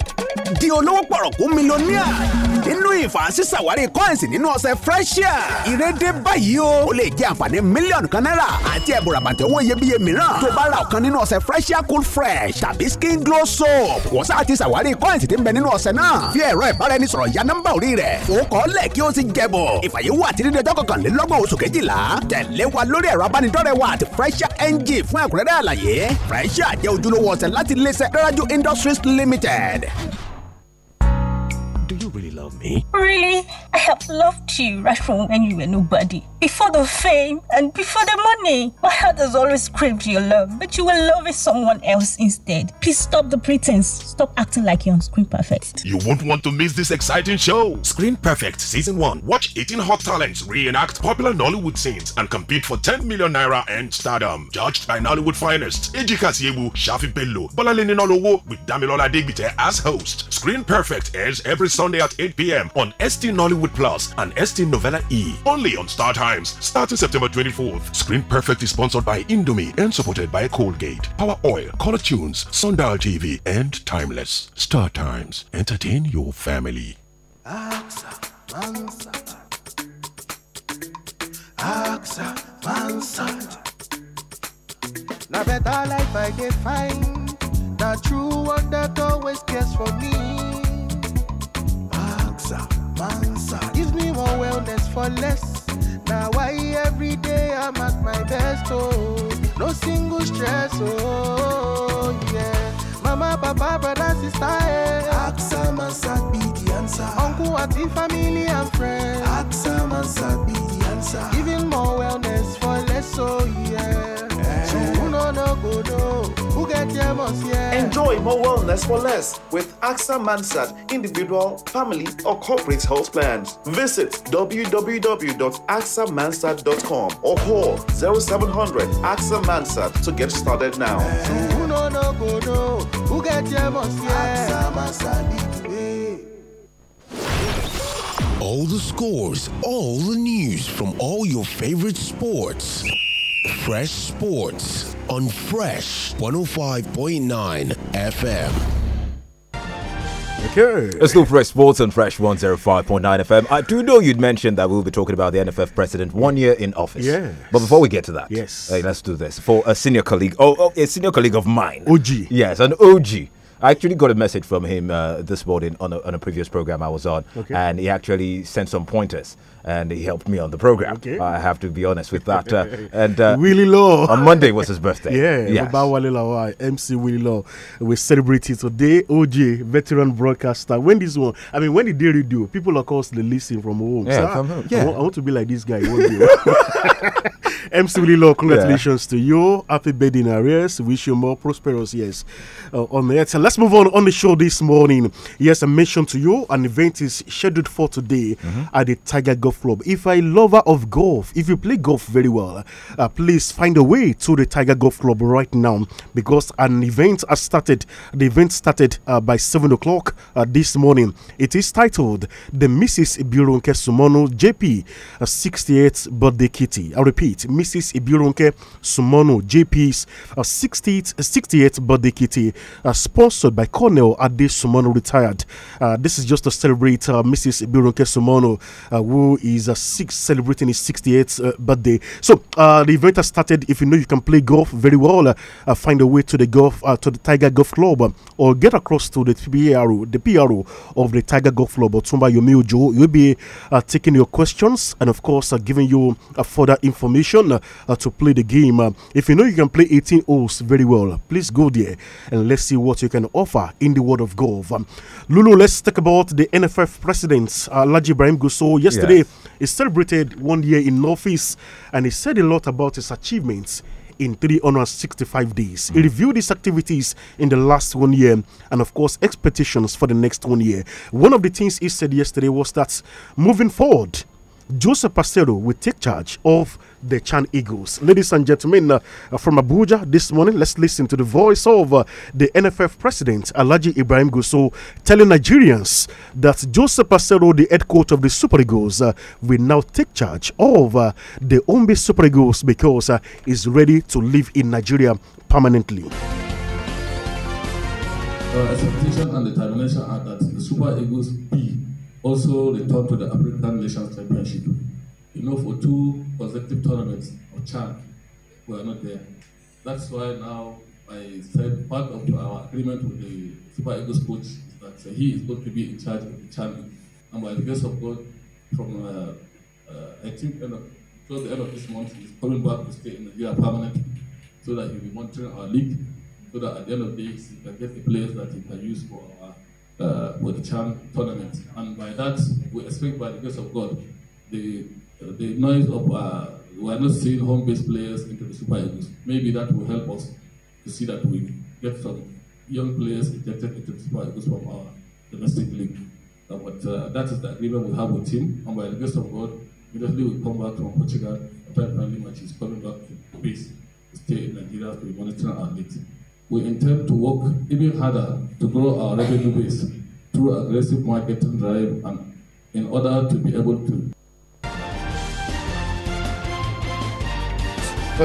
di olówó pọ̀rọ̀kú mílíọ̀nìà nínú ìfàṣìṣàwárí coins nínú ọ̀sẹ̀ freshia ìrèdè báyìí o ó lè jẹ́ àǹfààní mílíọ̀nù kan náírà àti ẹ̀bùn ràbàtì owó iyebíye mìíràn tó bá ra ọ̀kan nínú ọ̀sẹ̀ freshia cool fresh tàbí skin glow soap wọ́n sá ti ṣàwárí coins tí ń bẹ nínú ọ̀sẹ̀ náà fi ẹ̀rọ ìbáraẹnisọ̀rọ̀ ya nọ́mbà orí rẹ̀ ó kọ́ lẹ̀ kí ó sì jẹ̀bọ̀ ìfàyẹ̀wò àti dídé ọjọ́ kọkànlélọ́gbọ̀n oṣù kejìlá tẹ̀lé wa lórí ẹ̀rọ abánidọ́rẹ̀ wa àti freshia ng fún ẹ̀kúnrẹ́rẹ́ àlàyé freshia jẹ́ ojúlówó ọ̀sẹ̀ láti Industries Limited. really love me? Really? I have loved you right from when you were nobody. Before the fame and before the money. My heart has always craved your love, but you will love someone else instead. Please stop the pretense. Stop acting like you're on Screen Perfect. You won't want to miss this exciting show. Screen Perfect Season 1. Watch 18 hot talents reenact popular Nollywood scenes and compete for 10 million naira and stardom. Judged by Nollywood finest, Ejika Siebu, Shafi Bello, Bolalini Nolowo with Damilola Digbite as host. Screen Perfect airs every Sunday at 8 p.m. on ST Nollywood Plus and ST Novella E. Only on Star Times, starting September 24th. Screen Perfect is sponsored by Indomie and supported by Colgate, Power Oil, Color Tunes, Sundial TV, and Timeless. Star Times, entertain your family. Now better life I can find. The true one that always cares for me. Mansa gives me more wellness for less. Now why every day I'm at my best, oh. No single stress, oh, yeah. Mama, Papa, brother, sister, eh. Aksa Mansa be the answer. Uncle, auntie, family, and friends. Aksa Mansa be the answer. Giving more wellness for less, oh, yeah. Eh. So, no, no, go, no. Enjoy more wellness for less with AXA Mansat individual, family, or corporate health plans. Visit www.axamansat.com or call 0700 AXA Mansat to get started now. All the scores, all the news from all your favorite sports. Fresh Sports on Fresh 105.9 FM. Okay. It's still Fresh Sports and Fresh 105.9 FM. I do know you'd mentioned that we'll be talking about the NFF president one year in office. Yeah. But before we get to that, yes. Hey, let's do this. For a senior colleague, oh, oh, a senior colleague of mine. OG. Yes, an OG. I actually got a message from him uh, this morning on a, on a, previous program I was on, okay. and he actually sent some pointers and he helped me on the program. Okay. I have to be honest with that. Uh, and uh, Willie Law on Monday was his birthday. yeah, yes. MC Willie Law, we celebrated today. OJ, veteran broadcaster. When this one, I mean, when did they do? People of course they listen from home. Yeah, so I, home. yeah. I want, to be like this guy MC Willie Law, congratulations yeah. to you. Happy birthday in arrears. Wish you more prosperous years uh, on the So Let's move on on the show this morning. Yes, I mentioned to you an event is scheduled for today mm -hmm. at the Tiger Golf Golf Club. If you're a lover of golf, if you play golf very well, uh, please find a way to the Tiger Golf Club right now because an event has started. The event started uh, by 7 o'clock uh, this morning. It is titled The Mrs. Ibirunke Sumono JP 68th uh, Birthday Kitty. I repeat, Mrs. Ibirunke Sumono JP's 68th, 68th Birthday Kitty, uh, sponsored by Cornell Ade Sumono Retired. Uh, this is just to celebrate Mrs. Ibirunke Sumono, who is uh, six, celebrating his 68th uh, birthday. So uh, the event has started. If you know you can play golf very well, uh, uh, find a way to the golf uh, to the Tiger Golf Club or get across to the PRO, the PRO of the Tiger Golf Club or Tumba You'll be taking your questions and of course giving you further information to play the game. if you know you can play 18 holes very well, please go there and let's see what you can offer in the world of golf. Um, Lulu, let's talk about the NFF president, uh, Laji Ibrahim Gusso. Yesterday, yes. He celebrated one year in office and he said a lot about his achievements in 365 days. Mm. He reviewed his activities in the last one year and, of course, expectations for the next one year. One of the things he said yesterday was that moving forward, Joseph Pastero will take charge of the Chan Eagles. Ladies and gentlemen, uh, from Abuja this morning, let's listen to the voice of uh, the NFF president, Alaji Ibrahim Gusso, telling Nigerians that Joseph Pacero, the head coach of the Super Eagles, uh, will now take charge of uh, the Ombi Super Eagles because uh, he's ready to live in Nigeria permanently. Our uh, expectation and determination are that the Super Eagles be also returned to the African Nations Championship you know, for two consecutive tournaments of CHAN, we are not there. That's why now I said part of our agreement with the Super Eagles coach is that uh, he is going to be in charge of the CHAN. And by the grace of God, from uh, uh, I think end of, towards the end of this month, he's coming back to stay in Nigeria permanently so that he'll be monitoring our league, so that at the end of the day, he can get the players that he can use for our uh, for the CHAN tournament. And by that, we expect by the grace of God, the the noise of uh, we are not seeing home-based players into the Super Eagles. Maybe that will help us to see that we get some young players injected into the Super Eagles from our domestic league. Uh, but uh, that is the agreement we have with him, and by the grace of God, immediately we come back from Portugal after the friendly match is coming back to base, stay in Nigeria to monitor our league. We intend to work even harder to grow our revenue base through aggressive marketing drive and in order to be able to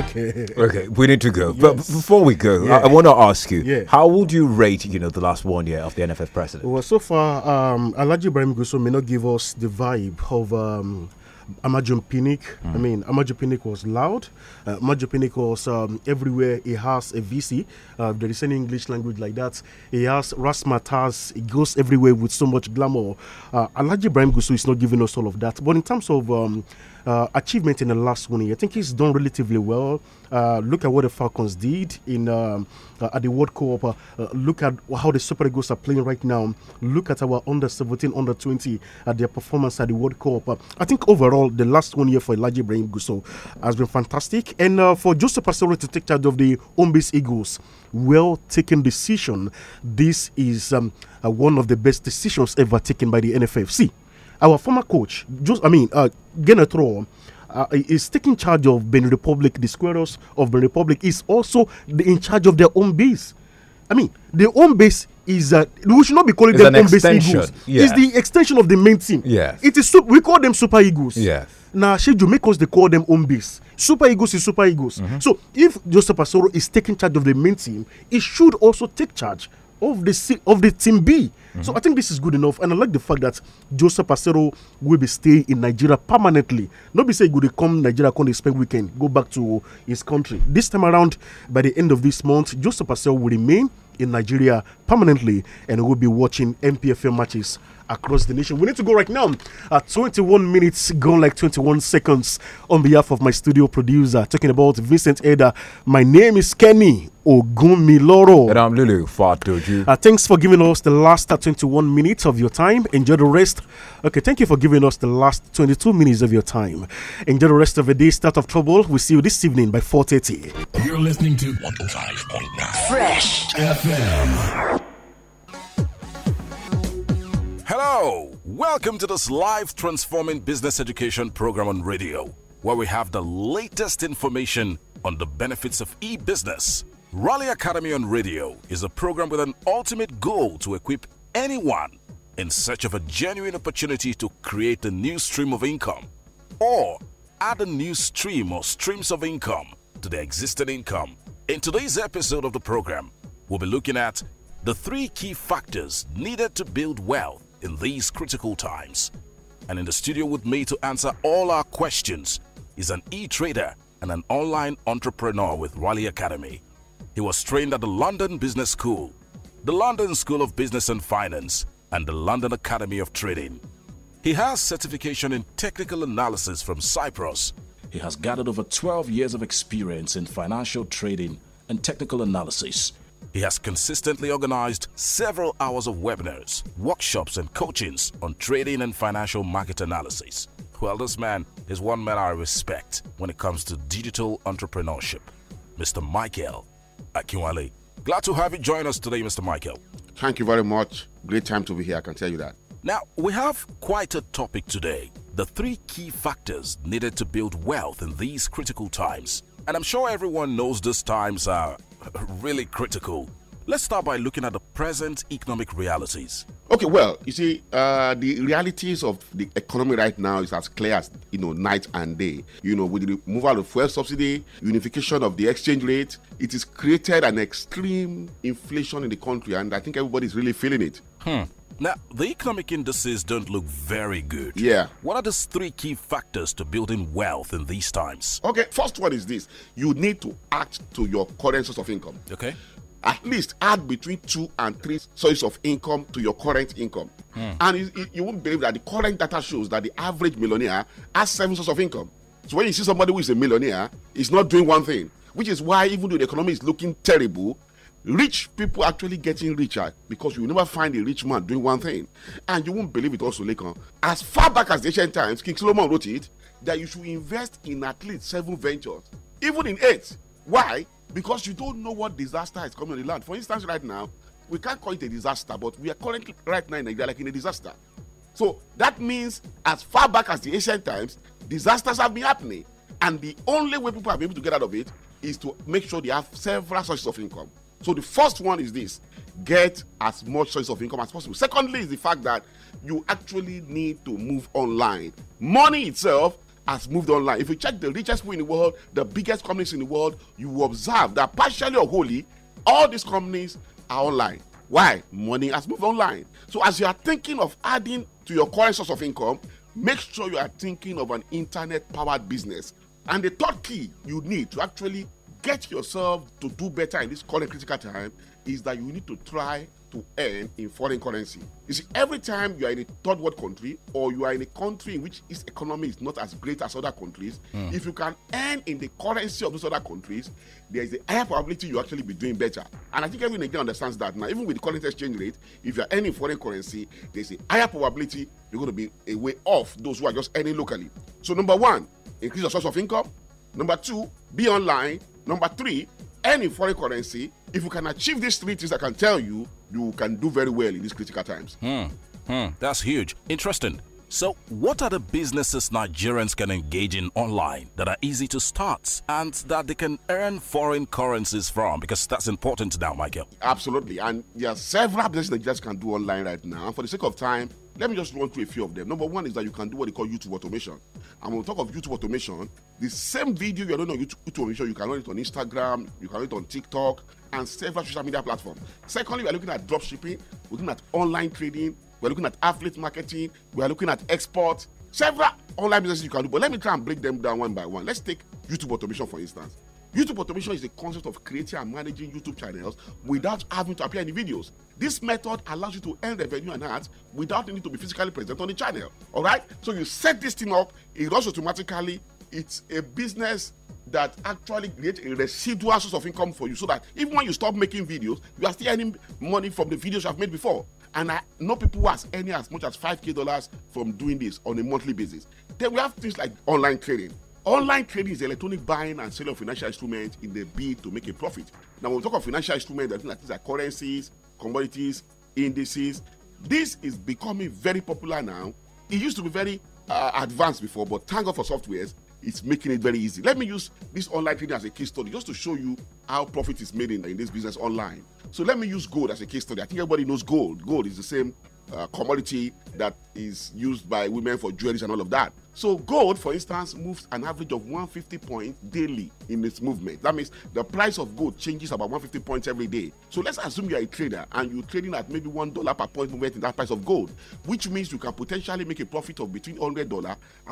okay. Okay, we need to go. Yes. But before we go, yeah. I, I want to ask you, yeah. how would you rate, you know, the last one year of the NFF president? Well, so far, um, Alaji Ibrahim Gusso may not give us the vibe of um, Amajum Pinnick. Mm. I mean, Amajum Pinnick was loud. Uh, Amajum Pinnick was um, everywhere. He has a VC. Uh, there is any English language like that. He has Matas. He goes everywhere with so much glamour. Uh, Alaji Ibrahim Gusu is not giving us all of that. But in terms of um, uh, achievement in the last one year. I think he's done relatively well. Uh, look at what the Falcons did in um, uh, at the World Cup. Uh, uh, look at how the Super Eagles are playing right now. Look at our under 17, under 20 at uh, their performance at the World Cup. I think overall, the last one year for Elijah Ibrahim Gusso has been fantastic. And for Joseph Pastore to take charge of the home base Eagles, well taken decision. This is um, one of the best decisions ever taken by the NFFC our former coach, just I mean, uh, Gennett uh, is taking charge of Benin Republic, the squatters of Benin Republic, is also the, in charge of their own base. I mean, their own base is uh, we should not be calling it's them home base eagles. Yeah. It's the extension of the main team. Yes. It is we call them super eagles. Yes. Now you make us they call them home base. Super eagles is super eagles. Mm -hmm. So if Joseph Asoro is taking charge of the main team, he should also take charge of the C, of the team B. Mm -hmm. So mm-hmm. I think this is good enough, and I like the fact that Joseph Acero will be staying in Nigeria permanently. Not be saying good come Nigeria come spend weekend, go back to his country. This time around, by the end of this month, Joseph Acero will remain in Nigeria permanently and will be watching MPFL matches across the nation. We need to go right now at 21 minutes gone, like 21 seconds. On behalf of my studio producer, talking about Vincent Eder, my name is Kenny Ogunmiloro. And I'm Lulu Fatoju. Uh, thanks for giving us the last 21 minutes of your time. Enjoy the rest. Okay, thank you for giving us the last 22 minutes of your time. Enjoy the rest of the day. Start of trouble. We'll see you this evening by 4.30. You're listening to 105.9 Fresh FM. Hello. Welcome to this live transforming business education program on radio, where we have the latest information on the benefits of e business Raleigh Academy on Radio is a program with an ultimate goal to equip anyone in search of a genuine opportunity to create a new stream of income or add a new stream or streams of income to their existing income. In today's episode of the program, we'll be looking at the three key factors needed to build wealth in these critical times. And in the studio with me to answer all our questions is an e trader and an online entrepreneur with Raleigh Academy. He was trained at the London Business School, the London School of Business and Finance, and the London Academy of Trading. He has certification in technical analysis from Cyprus. He has gathered over 12 years of experience in financial trading and technical analysis. He has consistently organized several hours of webinars, workshops, and coachings on trading and financial market analysis. Well, this man is one man I respect when it comes to digital entrepreneurship, Mr. Michael Akinwale. Glad to have you join us today, Mr. Michael. Thank you very much. Great time to be here, I can tell you that. Now, we have quite a topic today the three key factors needed to build wealth in these critical times. And I'm sure everyone knows these times are really critical. Let's start by looking at the present economic realities. Okay, well, you see, uh, the realities of the economy right now is as clear as you know night and day. You know, with the removal of fuel subsidy, unification of the exchange rate, it has created an extreme inflation in the country, and I think everybody's really feeling it. Hmm. Now, the economic indices don't look very good. Yeah. What are the three key factors to building wealth in these times? Okay, first one is this you need to act to your current source of income. Okay at least add between two and three sources of income to your current income. Mm. And you, you, won't believe that the current data shows that the average millionaire has seven sources of income. So when you see somebody who is a millionaire, is not doing one thing, which is why even though the economy is looking terrible, rich people actually getting richer because you never find a rich man doing one thing. And you won't believe it also, Lekon. As far back as ancient times, King Solomon wrote it that you should invest in at least seven ventures, even in eight. Why? because you don't know what disaster is coming on the land. For instance, right now, we can't call it a disaster, but we are currently right now in Nigeria like in a disaster. So that means as far back as the ancient times, disasters have been happening. And the only way people are able to get out of it is to make sure they have several sources of income. So the first one is this get as much source of income as possible. Secondly, is the fact that you actually need to move online. Money itself has moved online. If you check the richest people in the world, the biggest companies in the world, you will observe that partially or wholly, all these companies are online. Why? Money has moved online. So as you are thinking of adding to your current source of income, make sure you are thinking of an internet powered business. And the third key you need to actually get yourself to do better in this current critical time is that you need to try to earn eh, in foreign currency. You see, every time you are in a third world country or you are in a country in which its economy is not as great as other countries, mm. if you can earn in the currency of those other countries, there is a higher probability you actually be doing better. And I think everyone again understands that now. Even with the current exchange rate, if you are earning foreign currency, there's a higher probability you're going to be a way off those who are just earning locally. So, number one, increase your source of income. Number two, be online. Number three, earn in foreign currency if you can achieve these three things, I can tell you, you can do very well in these critical times. Hmm. Hmm. That's huge. Interesting. So, what are the businesses Nigerians can engage in online that are easy to start and that they can earn foreign currencies from? Because that's important now, Michael. Absolutely. And there are several businesses that just can do online right now. And for the sake of time, let me just run through a few of them. Number one is that you can do what they call YouTube automation. And on top of YouTube automation, the same video you're doing on YouTube automation, you can run it on Instagram, you can run it on TikTok, and several social media platforms. Secondly, we're looking at dropshipping, we're looking at online trading, we're looking at affiliate marketing, we're looking at export, several online businesses you can do. But let me try and break them down one by one. Let's take YouTube automation, for instance. YouTube automation is the concept of creating and managing YouTube channels without having to appear in videos. This method allows you to earn revenue and ads without needing to be physically present on the channel. All right, so you set this thing up, it runs automatically. It's a business that actually creates a residual source of income for you so that even when you stop making videos, you are still earning money from the videos you've made before. And I know people who are earning as much as 5k dollars from doing this on a monthly basis. Then we have things like online trading Online trading is electronic buying and selling of financial instruments in the bid to make a profit. Now, when we talk of financial instruments, I think that these are currencies, commodities, indices. This is becoming very popular now. It used to be very uh, advanced before, but thank God for softwares, it's making it very easy. Let me use this online trading as a case study just to show you how profit is made in, in this business online. So let me use gold as a case study. I think everybody knows gold. Gold is the same uh, commodity that is used by women for jewelry and all of that. So gold, for instance, moves an average of 150 points daily in its movement. That means the price of gold changes about 150 points every day. So let's assume you're a trader and you're trading at maybe one dollar per point movement in that price of gold, which means you can potentially make a profit of between $100 and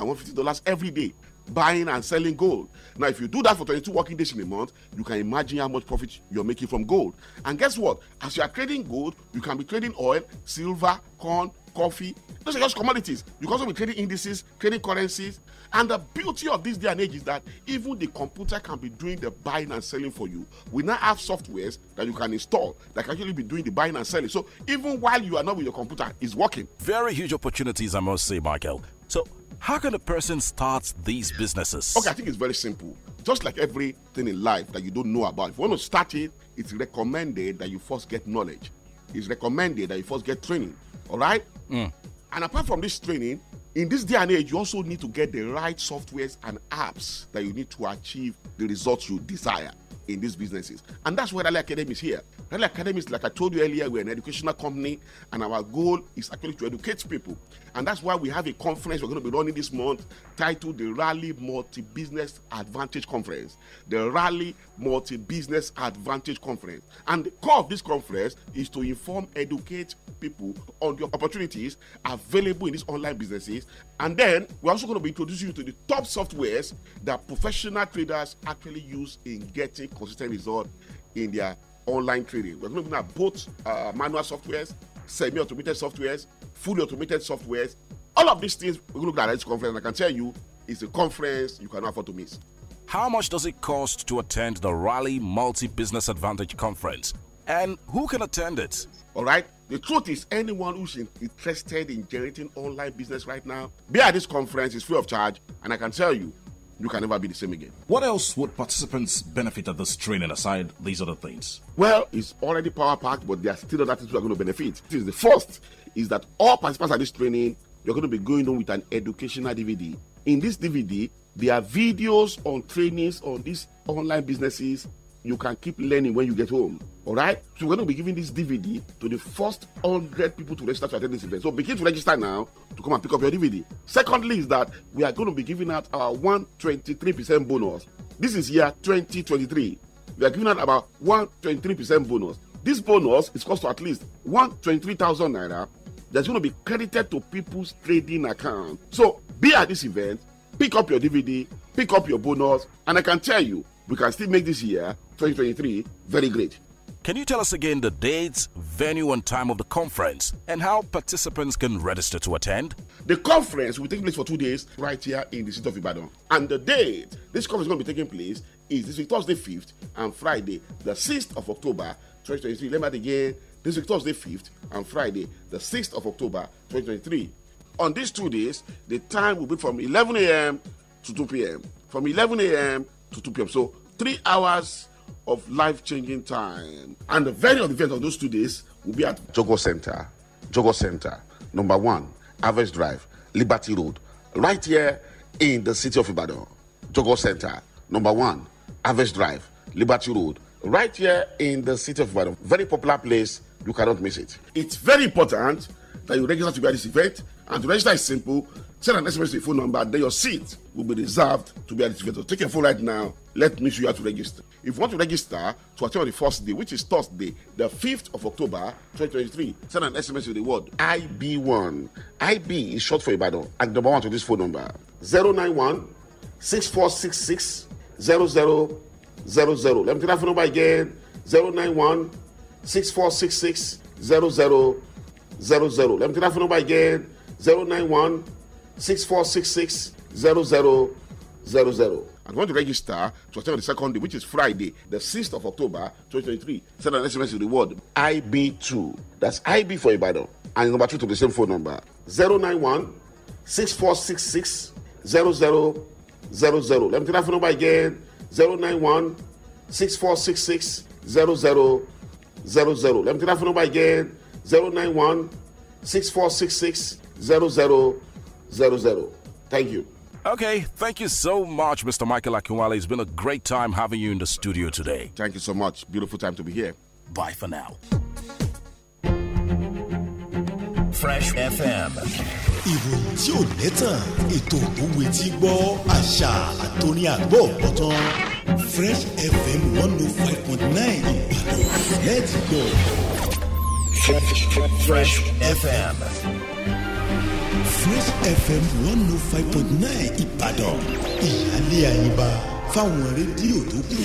$150 every day buying and selling gold. Now, if you do that for 22 working days in a month, you can imagine how much profit you're making from gold. And guess what? As you are trading gold, you can be trading oil, silver, corn, coffee. Those are just commodities. You can also be trading indices, trading currencies. And the beauty of this day and age is that even the computer can be doing the buying and selling for you. We now have softwares that you can install that can actually be doing the buying and selling. So even while you are not with your computer, it's working. Very huge opportunities, I must say, Michael. So how can a person start these businesses? Okay, I think it's very simple. Just like everything in life that you don't know about, if you want to start it, it's recommended that you first get knowledge. It's recommended that you first get training. All right? Mm. And apart from this training, in this day and age, you also need to get the right softwares and apps that you need to achieve the results you desire in these businesses. And that's where Ali Academy is here. Rally Academy is, like I told you earlier, we're an educational company, and our goal is actually to educate people. And that's why we have a conference we're going to be running this month titled the Rally Multi Business Advantage Conference. The Rally Multi Business Advantage Conference. And the core of this conference is to inform, educate people on the opportunities available in these online businesses. And then we're also going to be introducing you to the top softwares that professional traders actually use in getting consistent results in their online trading. We're looking at both uh, manual softwares, semi-automated softwares, fully automated softwares. All of these things we're looking at this conference. I can tell you, it's a conference you cannot afford to miss. How much does it cost to attend the Raleigh Multi Business Advantage Conference? And who can attend it? All right. The truth is, anyone who's interested in generating online business right now, be at this conference is free of charge. And I can tell you, you can never be the same again. What else would participants benefit at this training aside these other things? Well, it's already power packed, but there are still other things we are going to benefit. This is the first is that all participants at this training, you're going to be going on with an educational DVD. In this DVD, there are videos on trainings on these online businesses you can keep learning when you get home. All right. So we're going to be giving this DVD to the first hundred people to register to attend this event. So begin to register now to come and pick up your DVD. Secondly, is that we are going to be giving out our 123% bonus. This is year 2023. We are giving out about 123% bonus. This bonus is cost to at least 123,000 naira. That's going to be credited to people's trading account. So be at this event, pick up your DVD, pick up your bonus, and I can tell you, we can still make this year 2023 very great. Can you tell us again the dates, venue, and time of the conference and how participants can register to attend? The conference will take place for two days right here in the city of Ibadan. And the date this conference is going to be taking place is this week, Thursday 5th and Friday, the 6th of October 2023. Remember that again, this week, Thursday 5th and Friday, the 6th of October 2023. On these two days, the time will be from 11 a.m. to 2 p.m. From 11 a.m. to 2 p.m. So three hours of life changing time. And the very of the event of those two days will be at Jogo Center. Jogo Center, number one, Average Drive, Liberty Road, right here in the city of Ibadan. Jogo Center, number one, Average Drive, Liberty Road, right here in the city of Ibadan. Very popular place. You cannot miss it. It's very important that you register to be at this event. And to register is simple Send an SMS to your phone number, then your seat will be reserved to be activated. Take your phone right now. Let me show you how to register. If you want to register to attend on the first day, which is Thursday, the 5th of October 2023, send an SMS to the word IB1. IB is short for Ibadan. And number one to this phone number 091 6466 0000. Let me tell that phone number again 091 6466 0000. Let me tell that phone number again zero nine one. 6466 0000. And want to register to attend on the second day, which is Friday, the 6th of October 2023. Send an SMS to the word IB2. That's IB for Ibadan. And number two to the same phone number 091 6466 0000. Let me tell that phone number again 091 6466 0000. Let me tell that phone number again 091 6466 0000. 00. Thank you. Okay, thank you so much, Mr. Michael Akinwale. It's been a great time having you in the studio today. Thank you so much. Beautiful time to be here. Bye for now. Fresh FM. ìròyìn tí ò lẹ́tàn ètò òwe tí gbọ́ àṣà àtòní àgbọ̀ ọ̀tán Fresh FM one oh five point nine Ìbàdàn let's go Fresh, Fresh, Fresh FM. Fresh FM one oh five point nine Ìbàdàn ìyáálé àyíbá fáwọn rédíò tó kù.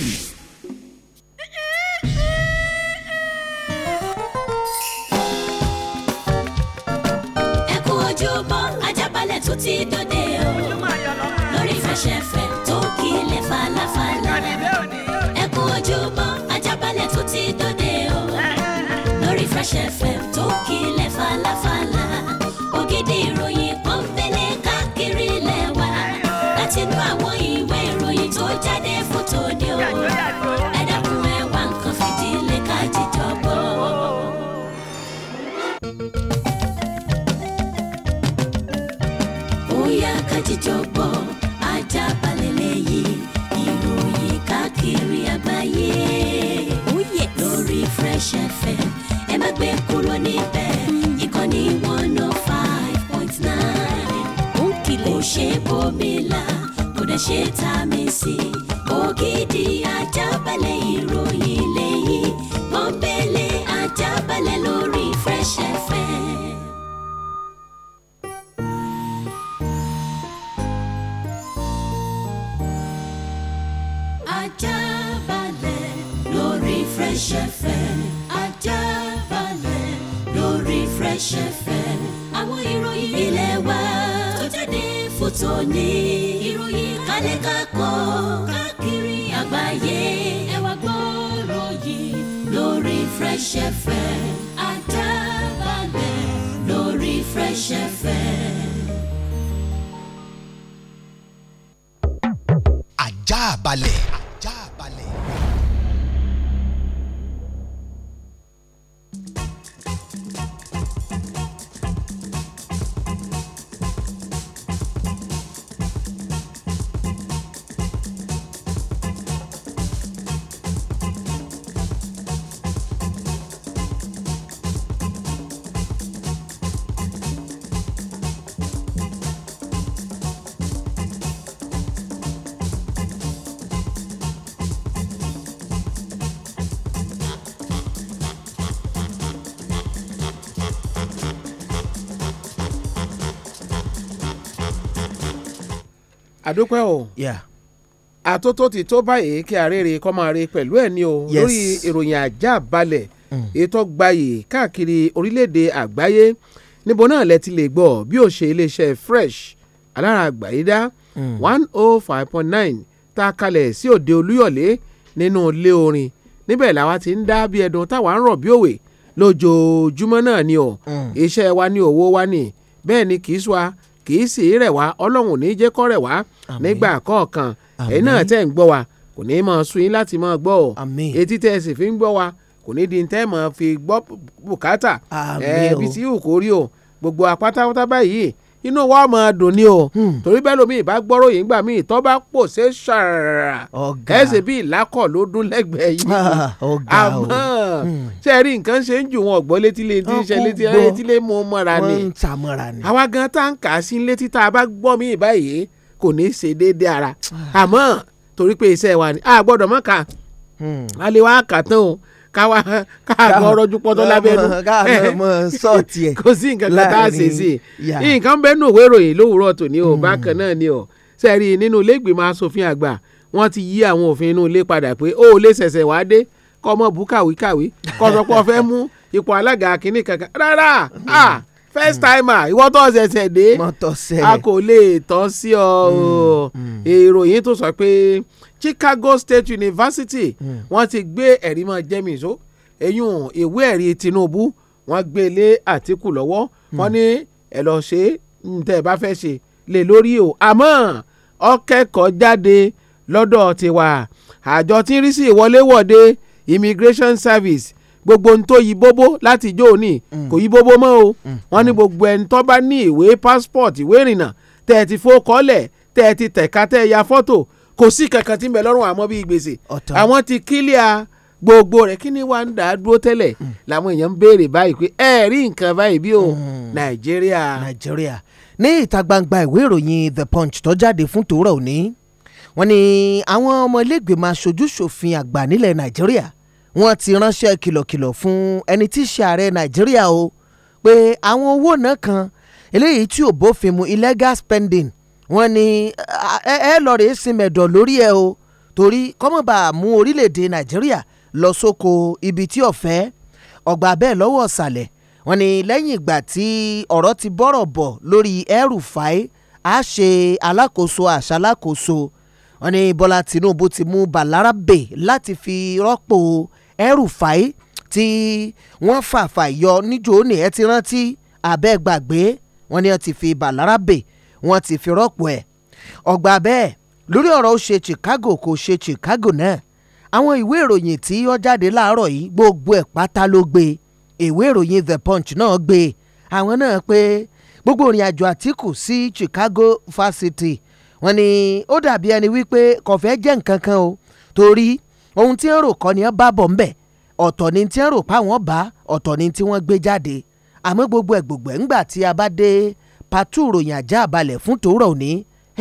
ẹ kú ojúbọ ajábalẹ̀ FM tó kílẹ̀ falafala ẹ kú ojúbọ ajábalẹ̀ tó ti FM. fresh fm ẹ má gbé kúrò níbẹ̀ ìkànnì one oh five point nine. ó kìlẹ̀ kò ṣe bomi la kò dẹ̀ ṣe ta mi sí. ògidì ajábalẹ̀ ìròyìn lẹ́yìn pọ́npẹ́lẹ́ ajábalẹ̀ lórí fresh fm. ajábalẹ̀ lórí òní ìròyìn kálẹ̀ kákọ́ káàkiri àgbáyé ẹ wá gbọ́rọ̀ yìí lórí Fresh FM Ajaabale lórí Fresh FM. Ajaabale. àdúpẹ́ o àtótó ti tó báyìí kí arére kọ́ máa re pẹ̀lú ẹ̀ ní o lórí ìròyìn àjá balẹ̀ mm. ètò gbayì káàkiri orílẹ̀-èdè àgbáyé níbo náà lẹ ti lè gbọ́ bí ó ṣe iléeṣẹ́ fresh alára àgbáyé dá mm. one oh five point nine tá a kalẹ̀ sí òde olúyọ̀lé nínú ilé orin níbẹ̀ làwa ti ń dá bí ẹdun táwa ń rọ̀ bí òwe lójoojúmọ́ náà ni o mm. iṣẹ́ wa ni òwò wa ni bẹ́ẹ̀ ni kì í sọ kì í sì í rẹ̀ wá ọlọ́run ò ní jẹ́ kọ́ rẹ̀ wá nígbà kọ̀ọ̀kan ẹ̀yin náà tẹ̀ ń gbọ́ wa kò ní máa sú yín láti máa gbọ́ ọ̀ etí tẹ́ sì fi ń gbọ́ wa kò ní di tẹ́ ẹ fi gbọ́ bùkátà ẹ̀ẹ́dì tí yóò kórìí o gbogbo apátápátá báyìí inú wa máa dùn ni o hmm. torí bẹ́ẹ̀ lómi ìbá gbọ́rọ̀ yìí gbà mí tó bá pò ṣe ṣàrà ẹsẹ̀ bíi ìlákọ̀ ló dún lẹ́gbẹ̀ẹ́ yìí ah, àmọ́ hmm. ṣe rí nǹkan ṣe ń jù wọn ọ̀gbọ́n létí létí ṣe létí létí lé mọ́ mọ́ra ni àwa gan tá ń kà á sí létí tá a bá gbọ́ mí ìbáyìí kò ní í ṣe déédéé ara ah. àmọ́ torí pé iṣẹ́ wa ni a gbọ́dọ̀ mọ̀ ká hmm. a lè wá kà tán o káwa káàgọ́ ọrọ́jú pọ́tọ́ lábẹ́nu. káàgọ́ mọ eh, sọ́ọ̀tì ẹ̀. kò sí nǹkan kan tá a ṣe sí i nǹkan bẹ́ẹ̀ nù òwe ìròyìn lówùúrọ̀ tòní o hmm. bákan náà ni o sẹ́ẹ̀rì nínú ilé ìgbìmọ̀ asòfin àgbà wọ́n ti yí àwọn òfin inú ilé padà pé ó lè ṣẹ̀ṣẹ̀ wá dé kọ́ mọ̀ bú kàwékàwé kọ́ sọ pé ọ fẹ́ mú ipò alága kínní kankan rárá hmm. ah, first hmm. timer ìwọ tó ṣẹ̀ṣẹ̀ dé a kò lè tọ́ sí ọ ìròyìn tó sọ pé Chicago State University hmm. wọ́n ti gbé ẹ̀rí mọ́ jẹ́mi so eyín ìwé ẹ̀rí Tinubu wọ́n gbé lé Àtíkù lọ́wọ́ hmm. wọ́n ní ẹ lọ́ọ́ ṣe ntẹ́ ẹ bá fẹ́ ṣe lè lórí o àmọ́ ọkẹ́kọ̀ọ́ jáde lọ́dọ̀ tiwa àjọ tí ń rí sí ìwọléwọ̀de Immigration Service gbogbo ń tó yí bóbó láti ijó òní hmm. kò yí bóbó mọ́ o wọ́n ní gbogbo ẹni tó bá ní ìwé passport ìwé ìrìnnà tẹ̀ ti fọ́ kọ́lẹ̀ tẹ̀ ti tẹ̀ka tẹ̀ ya fọ́tò kò sí kankan tí ń bẹ lọ́rùn àmọ́ bíi gbèsè àwọn ti kílíà gbogbo rẹ̀ kí ni wàá ń dà á dúró tẹ́lẹ̀ mm. làwọn èèyàn ń béèrè báyìí pé ẹ rí nǹkan báyìí bí o mm. nàìjíríà. nàìjíríà ní ìta gbangba ìwé ìròyìn the punch tó jáde fún tòórọ̀ òní wọ́n ní àwọn ọmọ ilégbèmọ̀ aṣojú ṣòfin àgbà nílẹ̀ nàìjíríà wọ́n ti ránṣẹ́ kìlọ̀kìlọ̀ fún ẹni tí í ṣe ààrẹ nàìjíríà o pé àwọn owó náà kan eléyìí tí ò bófin mu illegal spending wọ́n ní ẹ lọ rèé sin mẹ̀dọ̀ lórí ẹ o torí kọ́mọ̀bà mú orílẹ̀-èdè nàìjíríà lọ sóko ibi tí ọ̀fẹ́ ọ̀gbà bẹ́ẹ̀ lọ́wọ́ ọ̀sàlẹ̀ wọ́n ní lẹ́yìn ìgbà tí ọ̀rọ̀ ti bọ́rọ̀ bọ̀ lórí El-Rufai á ṣe alákòóso àṣàlákòóso wọ́n ní Bọ́lá Tinubu ti mú Balarabe láti fi rọ́pò El-Rufai tí wọ́n fàfà yọ níjó ní ẹ ti rántí abẹ́gbàgbé wọ́n ní ó ti fi Balarabe wọ́n ti fi rọ́pò ẹ̀ ọgbà bẹ́ẹ̀ lórí ọ̀rọ̀ ó ṣe Chicago kò ṣe Chicago náà àwọn ìwé ìròyìn tí ó jáde láàárọ̀ yìí gbogbo ẹ̀ pátá ló gbé ìwé ìròyìn The Punch náà gbé àwọn náà pé gbogbo ìrìn àjò Àtíkù sí Chicago Fásitì wọ́n ní ó dàbí ẹni wípé kò fẹ́ jẹ́ nǹkan kan o torí ohun tí ń rò kọ́ ni ẹ bá bọ̀ ńbẹ̀ ọ̀tọ̀ ni tí ń rò pa wọ́n bá ọ̀tọ̀ ni tí wọ́n gbé jáde àmọ́ gbogbo ẹ̀ gbogbo ẹ̀ ńgbà tí a bá dé pàtó ìròyìn ajá balẹ̀ fún tòórọ̀ òní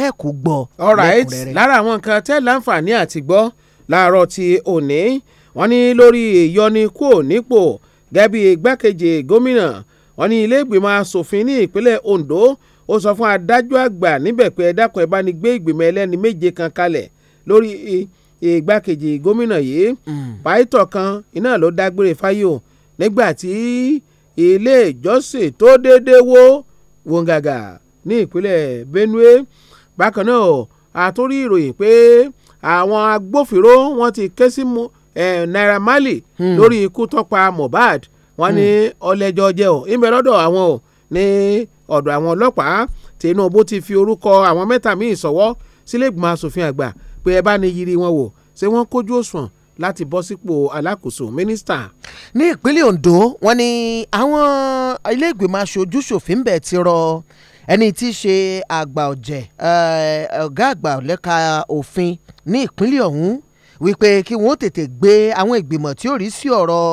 ẹ̀ kò gbọ́ lẹ́kùnrẹ́rẹ́. lára àwọn nǹkan tẹ́ láǹfààní àti gbọ́ láàárọ̀ ti òní wọ́n ní lórí ìyọnikúò nípò gẹ́gẹ́ bí igbákejì gómìnà wọ́n ní ilé ìgbìmọ̀ asòfin ní ìpínlẹ̀ Ondo ó sọ fún adájọ́ àgbà níbẹ̀ pé ẹ dákun ẹ bá ní gbé ìgbìmọ̀ ẹlẹ́ni méje kan kalẹ̀ lórí igbákejì gómìnà yìí hmm. pàìtọ̀ kan iná ló dágbére fáyò nígbà tí ilé ìjọsìn tó déédéé wó wọ̀ngàgà ní ìpínlẹ̀ benue bákan náà àtúrí ìròyìn pé àwọn agbófinró wọn ti ké sí naira marley hmm. lórí ikú tọ́pa mohbad wọ́n ní hmm. ọlẹ́jọ́ jẹ́ ò ń bẹ lọ́dọ̀ àwọn ò ní ọ̀dọ̀ àwọn ọlọ́pàá tinubu ti fi orúkọ àwọn mẹ́ta míì sọ̀wọ́ sílé ìgbìmọ̀ asòfin àgbà pé ẹ bá ní yiri wọn wò ṣé wọ́n kójú òṣùwọ̀n láti bọ́ sípò alákòóso mínísítà. ní ìpínlẹ̀ Ondo wọ́n ní àwọn ilé ìgbìmọ̀ aṣojú ṣòfin ń bẹ̀ ti rọ ẹni tí í ṣe àgbà ọ̀jẹ̀ eh, ọ̀gá àgbà lẹ́ka òfin ní ìpínlẹ̀ ọ̀hún wípé kí wọ́n tètè gbé àwọn ìgbìmọ̀ tí ó rí sí ọ̀rọ̀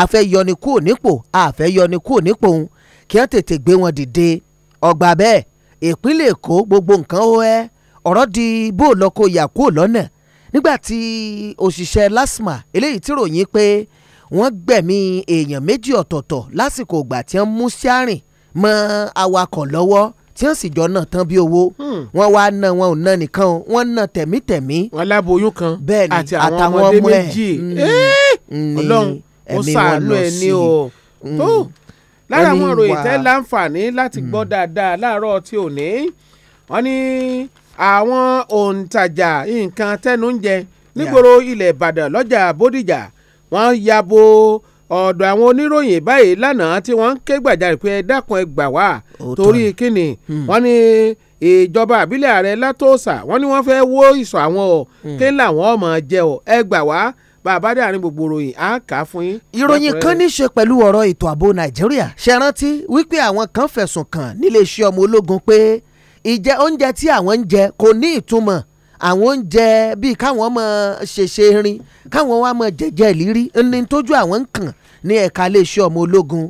àfẹ́yọni kúrò nípò àfẹ́yọni kúrò kí wọ́n tètè gbé wọn dìde ọgbà bẹ́ẹ̀ ìpínlẹ̀ Èkó gbogbo nǹkan ó ẹ́ ọ̀rọ̀ di bó yà kúrò lọ́nà nígbà tí òṣìṣẹ́ LASTMA eléyìí tí ròyìn pé wọ́n gbẹ̀mí èèyàn méjì ọ̀tọ̀ọ̀tọ̀ lásìkò ìgbà tí wọ́n mú sárìn mọ́ awakọ̀ lọ́wọ́ tí wọ́n sì jọ náà tán bí owó hmm. wọ́n wá ná wọn ò ná nìkan wọ́n ná tẹ̀mítẹ̀mí. wọn láboyún kan àti àwọn ọmọdé méjì hmm. Hmm. ọlọ́run ó sàánú ẹ ní lára àwọn ìròyìn tẹ́ láǹfààní láti gbọ́ dáadáa láàárọ̀ tí ò ní wọ́n ní àwọn òǹtajà nǹkan tẹnu ń jẹ nígboro ilẹ̀ ìbàdàn lọ́jà bódìjà wọ́n ya bo ọ̀dọ̀ àwọn oníròyìn báyìí lánàá tí wọ́n ń ké gbàjarè pé ẹ dákun ẹ gbà wá torí kíni hmm. wọ́n ní ìjọba àbílẹ̀ ààrẹ látòsà wọ́n ní wọ́n fẹ́ wó ìsọ̀ àwọn ọ̀ hmm. kí làwọn ọmọ jẹ ọ ẹ gbà wá bàbá dàrin gbogbo ròyìn á kà á fún yín. ìròyìn kan ní í ṣe pẹ̀lú ọ̀rọ̀ ètò ààbò nàìjíríà ṣe rántí wípé àwọn kan fẹ̀sùn kàn níléeṣẹ́ ọmọ ológun pé ìjẹ oúnjẹ tí àwọn ń jẹ kò ní ìtumọ̀ àwọn oúnjẹ bíi káwọn mọ ṣèṣe rin káwọn wá mọ jẹjẹ ìlírí ní tójú àwọn ń kàn ní ẹ̀ka iléeṣẹ́ ọmọ ológun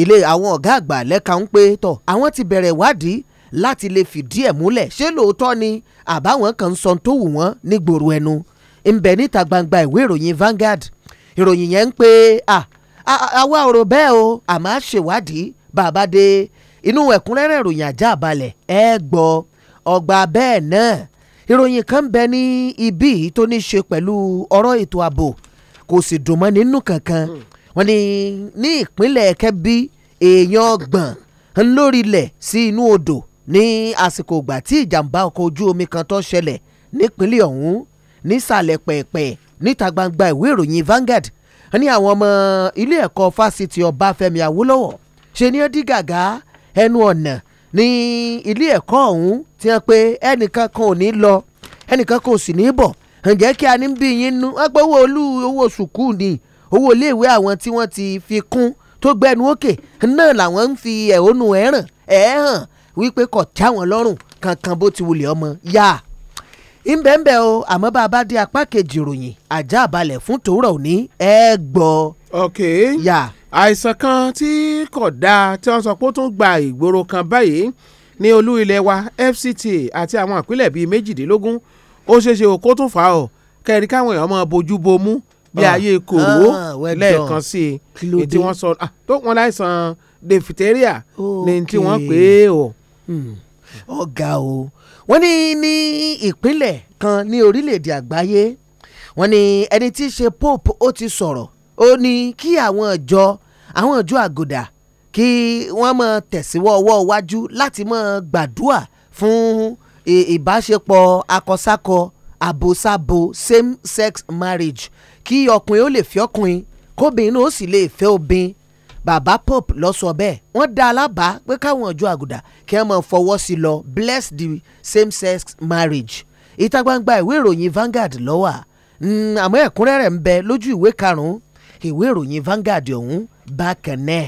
ilé àwọn ọ̀gá àgbà lẹ́ka ń pé tọ̀ àwọn ti bẹ̀rẹ̀ ìwádìí láti lè fìdí ẹ̀ múlẹ̀ ṣé lóòótọ́ ni àbáwọn kan sọ tó wù wọ́n nígboro ẹnu ń bẹ níta gbangba ìwé ìròyìn Vanguard ìròyìn yẹn ń pé àwa ọ̀rọ̀ bẹ́ẹ̀ o àmọ́ àṣèwádìí bàbá de inú ẹ̀kúnrẹ́rẹ́ ìròyìn ajá balẹ̀ ẹ gbọ́ ọgbà bẹ́ẹ̀ náà ìròyìn kan bẹ ní ibi tó ní ṣe pẹ̀lú ọ̀rọ̀ ètò ààbò kò sì dùn mọ́ nínú kankan hmm. wọ́n ni ní ìpínlẹ̀ Kẹ́bí èèyàn ọgbọ̀n ńlórílẹ̀ sí inú odò ní àsìkò ìgbà tí ìjàmbá ọkọ̀ ojú omi kan tó ṣẹlẹ̀ nípínlẹ̀ ọ̀hún nísàlẹ̀ pẹ̀pẹ̀ níta gbangba ìwé ìròyìn Vanguard ní àwọn ọmọ ilé ẹ̀kọ́ fásitì Ọbáfẹ́mi Awólọ́wọ̀ ṣe ni ó dí gàgá ẹnu ọ̀nà ní ilé ẹ̀kọ́ ọ̀hún tí wọ́n pe ẹnìkan kan ò ní lọ ẹnìkan kan ò sì ní bọ̀ ǹjẹ́ kí a ní bí yín nu wọ́n pé owó olú owó sùkúù ni owó iléèwé àwọn tí wọ́n ti fi kún tó gbẹnu òkè náà làwọn ń fi ẹ̀hónú ẹ̀ hàn ẹ̀ hàn wípé kò tí àwọn lọ́rùn kankan bó ti wulẹ̀ ọmọ yá ìbẹ̀ǹbẹ̀ o àmọ́ bá a bá dé apá kejì ìròyìn àjá àbalẹ̀ fún tòwúrọ̀ òní ẹ gbọ́. okay. yà. Yeah àìsàn kan tí kò dáa tí wọ́n sọ pé ó tún gba ìgboro kan báyìí ní olú ilẹ̀ wa FCTA àti àwọn ìpínlẹ̀ bíi méjìdínlógún ó ṣeéṣe kó tún fà ọ́ kẹ́rì káwọn èèyàn máa bojú bomú bí ah, ayé kòró ah, lẹ́ẹ̀kan sí i tí wọ́n sọ ah, tó wọn láìsàn dèfìtẹ́ríà ní tí wọ́n pè é o. Hmm. ọ̀gá o wọ́n ní ní ìpínlẹ̀ kan ní orílẹ̀-èdè àgbáyé wọ́n ní ẹni tí í ṣe Pope ó ti sọ̀rọ̀ ó ní kí àwọn ìjọ àwọn ìjọ àgùdà kí wọ́n mọ̀ tẹ̀síwọ́ ọwọ́ iwájú láti mọ̀ gbàdúà fún ìbáṣepọ̀ akọsákọ àbòsábo same sex marriage kí ọkùnrin ó lè fi ọkùnrin kóbìnrin náà ó sì lè fẹ́ obìnrin bàbá pope lọ sọ bẹ́ẹ̀ wọ́n dá alábàá pé káwọn ọjọ́ àgùdà kí wọ́n máa fọwọ́ sí lọ bless the same sex marriage ìta gbangba ìwé ìròyìn Vanguard ló wà àmọ́ ẹ̀kúnrẹ́rẹ́ ń bẹ lójú ìwé karùn ìwé ìròyìn Vanguard ọ̀hún bákan náà.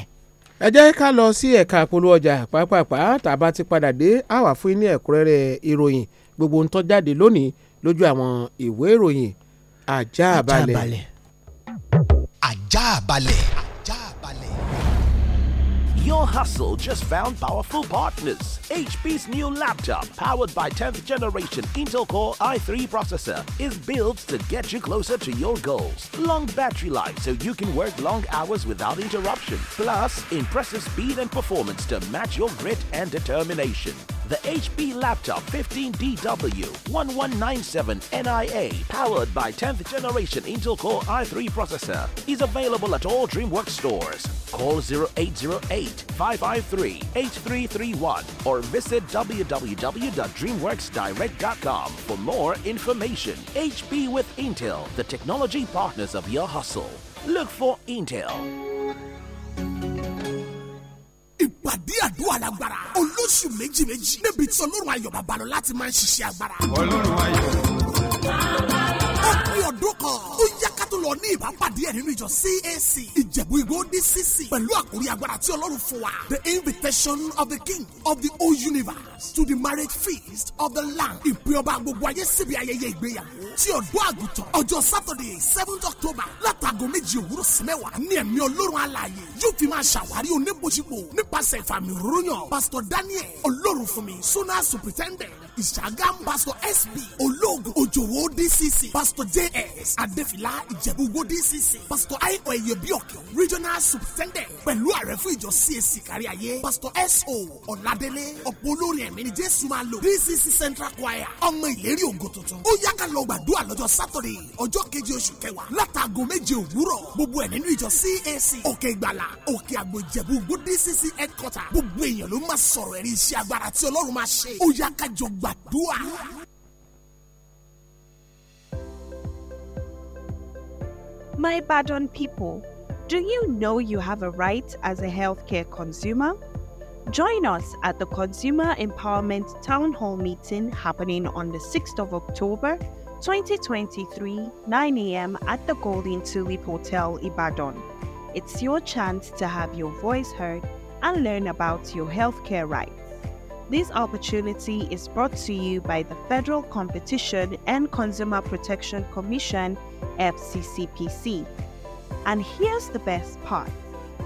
ẹ jẹ́ ká lọ sí ẹ̀ka polówó ọjà pàápàá tàbá ti padà dé àwà fún ní ẹ̀kúnrẹ́rẹ́ ìròyìn gbogbo ń tọ́ jáde lónìí lójú àwọn ìwé ìròyìn àjààbalẹ̀. àjààbalẹ̀. àjààbalẹ̀. Your hustle just found powerful partners. HP's new laptop, powered by 10th generation Intel Core i3 processor, is built to get you closer to your goals. Long battery life so you can work long hours without interruption. Plus, impressive speed and performance to match your grit and determination the HP Laptop 15DW1197NIA, powered by 10th generation Intel Core i3 processor, is available at all DreamWorks stores. Call 0808-553-8331 or visit www.dreamworksdirect.com for more information. HP with Intel, the technology partners of your hustle. Look for Intel. ìpàdé àdúrà lágbára olóṣù méjì méjì níbi tí ọlọ́run ayọ̀ babalọ́lá ti máa ń ṣiṣẹ́ agbára. ọlọ́run ayọ̀. ó pín ọdún kan ó yá tún lọ ní ìbápàdé ẹ̀ nínú ìjọ CAC ìjẹ̀bú ìgbó DCC pẹ̀lú àkórí agbára tí ọlọ́run fún wa the invitation of the king of the whole universe to the marriage feast of the land ìpín ọba gbogbo ayé síbi ayẹyẹ ìgbéyàwó tí ọ̀dọ́ àgùntàn ọjọ́ Saturday seventh October látago méjì òwúrọ̀ sí mẹ́wàá ní ẹ̀mí ọlọ́run alààyè yóò fi máa ṣàwárí oníbòjìpò nípasẹ̀ ìfàmì òróyàn Pastor Daniel olórùnfúnmi suna superintendent ìṣàgámù pásítọ̀ sb olóògùn òjòwò dcc pásítọ̀ js adéfìlà ìjẹ̀búgbò dcc pásítọ̀ àìkọ̀ ẹ̀yẹ̀bíọ̀kẹ́ regional superintendent pẹ̀lú ààrẹ fún ìjọ cac káríayé pásítọ̀ so ọ̀làdélé ọ̀pọ̀ olórin ẹ̀mí ni jésù máa lò dcc central choir ọmọ ìlérí ògo tuntun ó yá ká lọ gbàdúrà lọ́jọ́ sátọ̀dẹ̀ ọjọ́ keje oṣù kẹwàá látàgò méje òwúrọ̀ gbogbo ẹ̀ nínú ìjọ cac òkè ìgbàlà òkè àgbò ìjẹ̀búgbò dcc headquarter gbogbo èèyàn ló máa sọ̀rọ̀ ẹ̀rí iṣẹ́ agbára tí ọlọ́run máa ṣe ó yá ká jọ gbàdúrà. My Ibadan people, do you know you have a right as a healthcare consumer? Join us at the Consumer Empowerment Town Hall meeting happening on the 6th of October 2023, 9 a.m. at the Golden Tulip Hotel, Ibadan. It's your chance to have your voice heard and learn about your healthcare rights. This opportunity is brought to you by the Federal Competition and Consumer Protection Commission, FCCPC. And here's the best part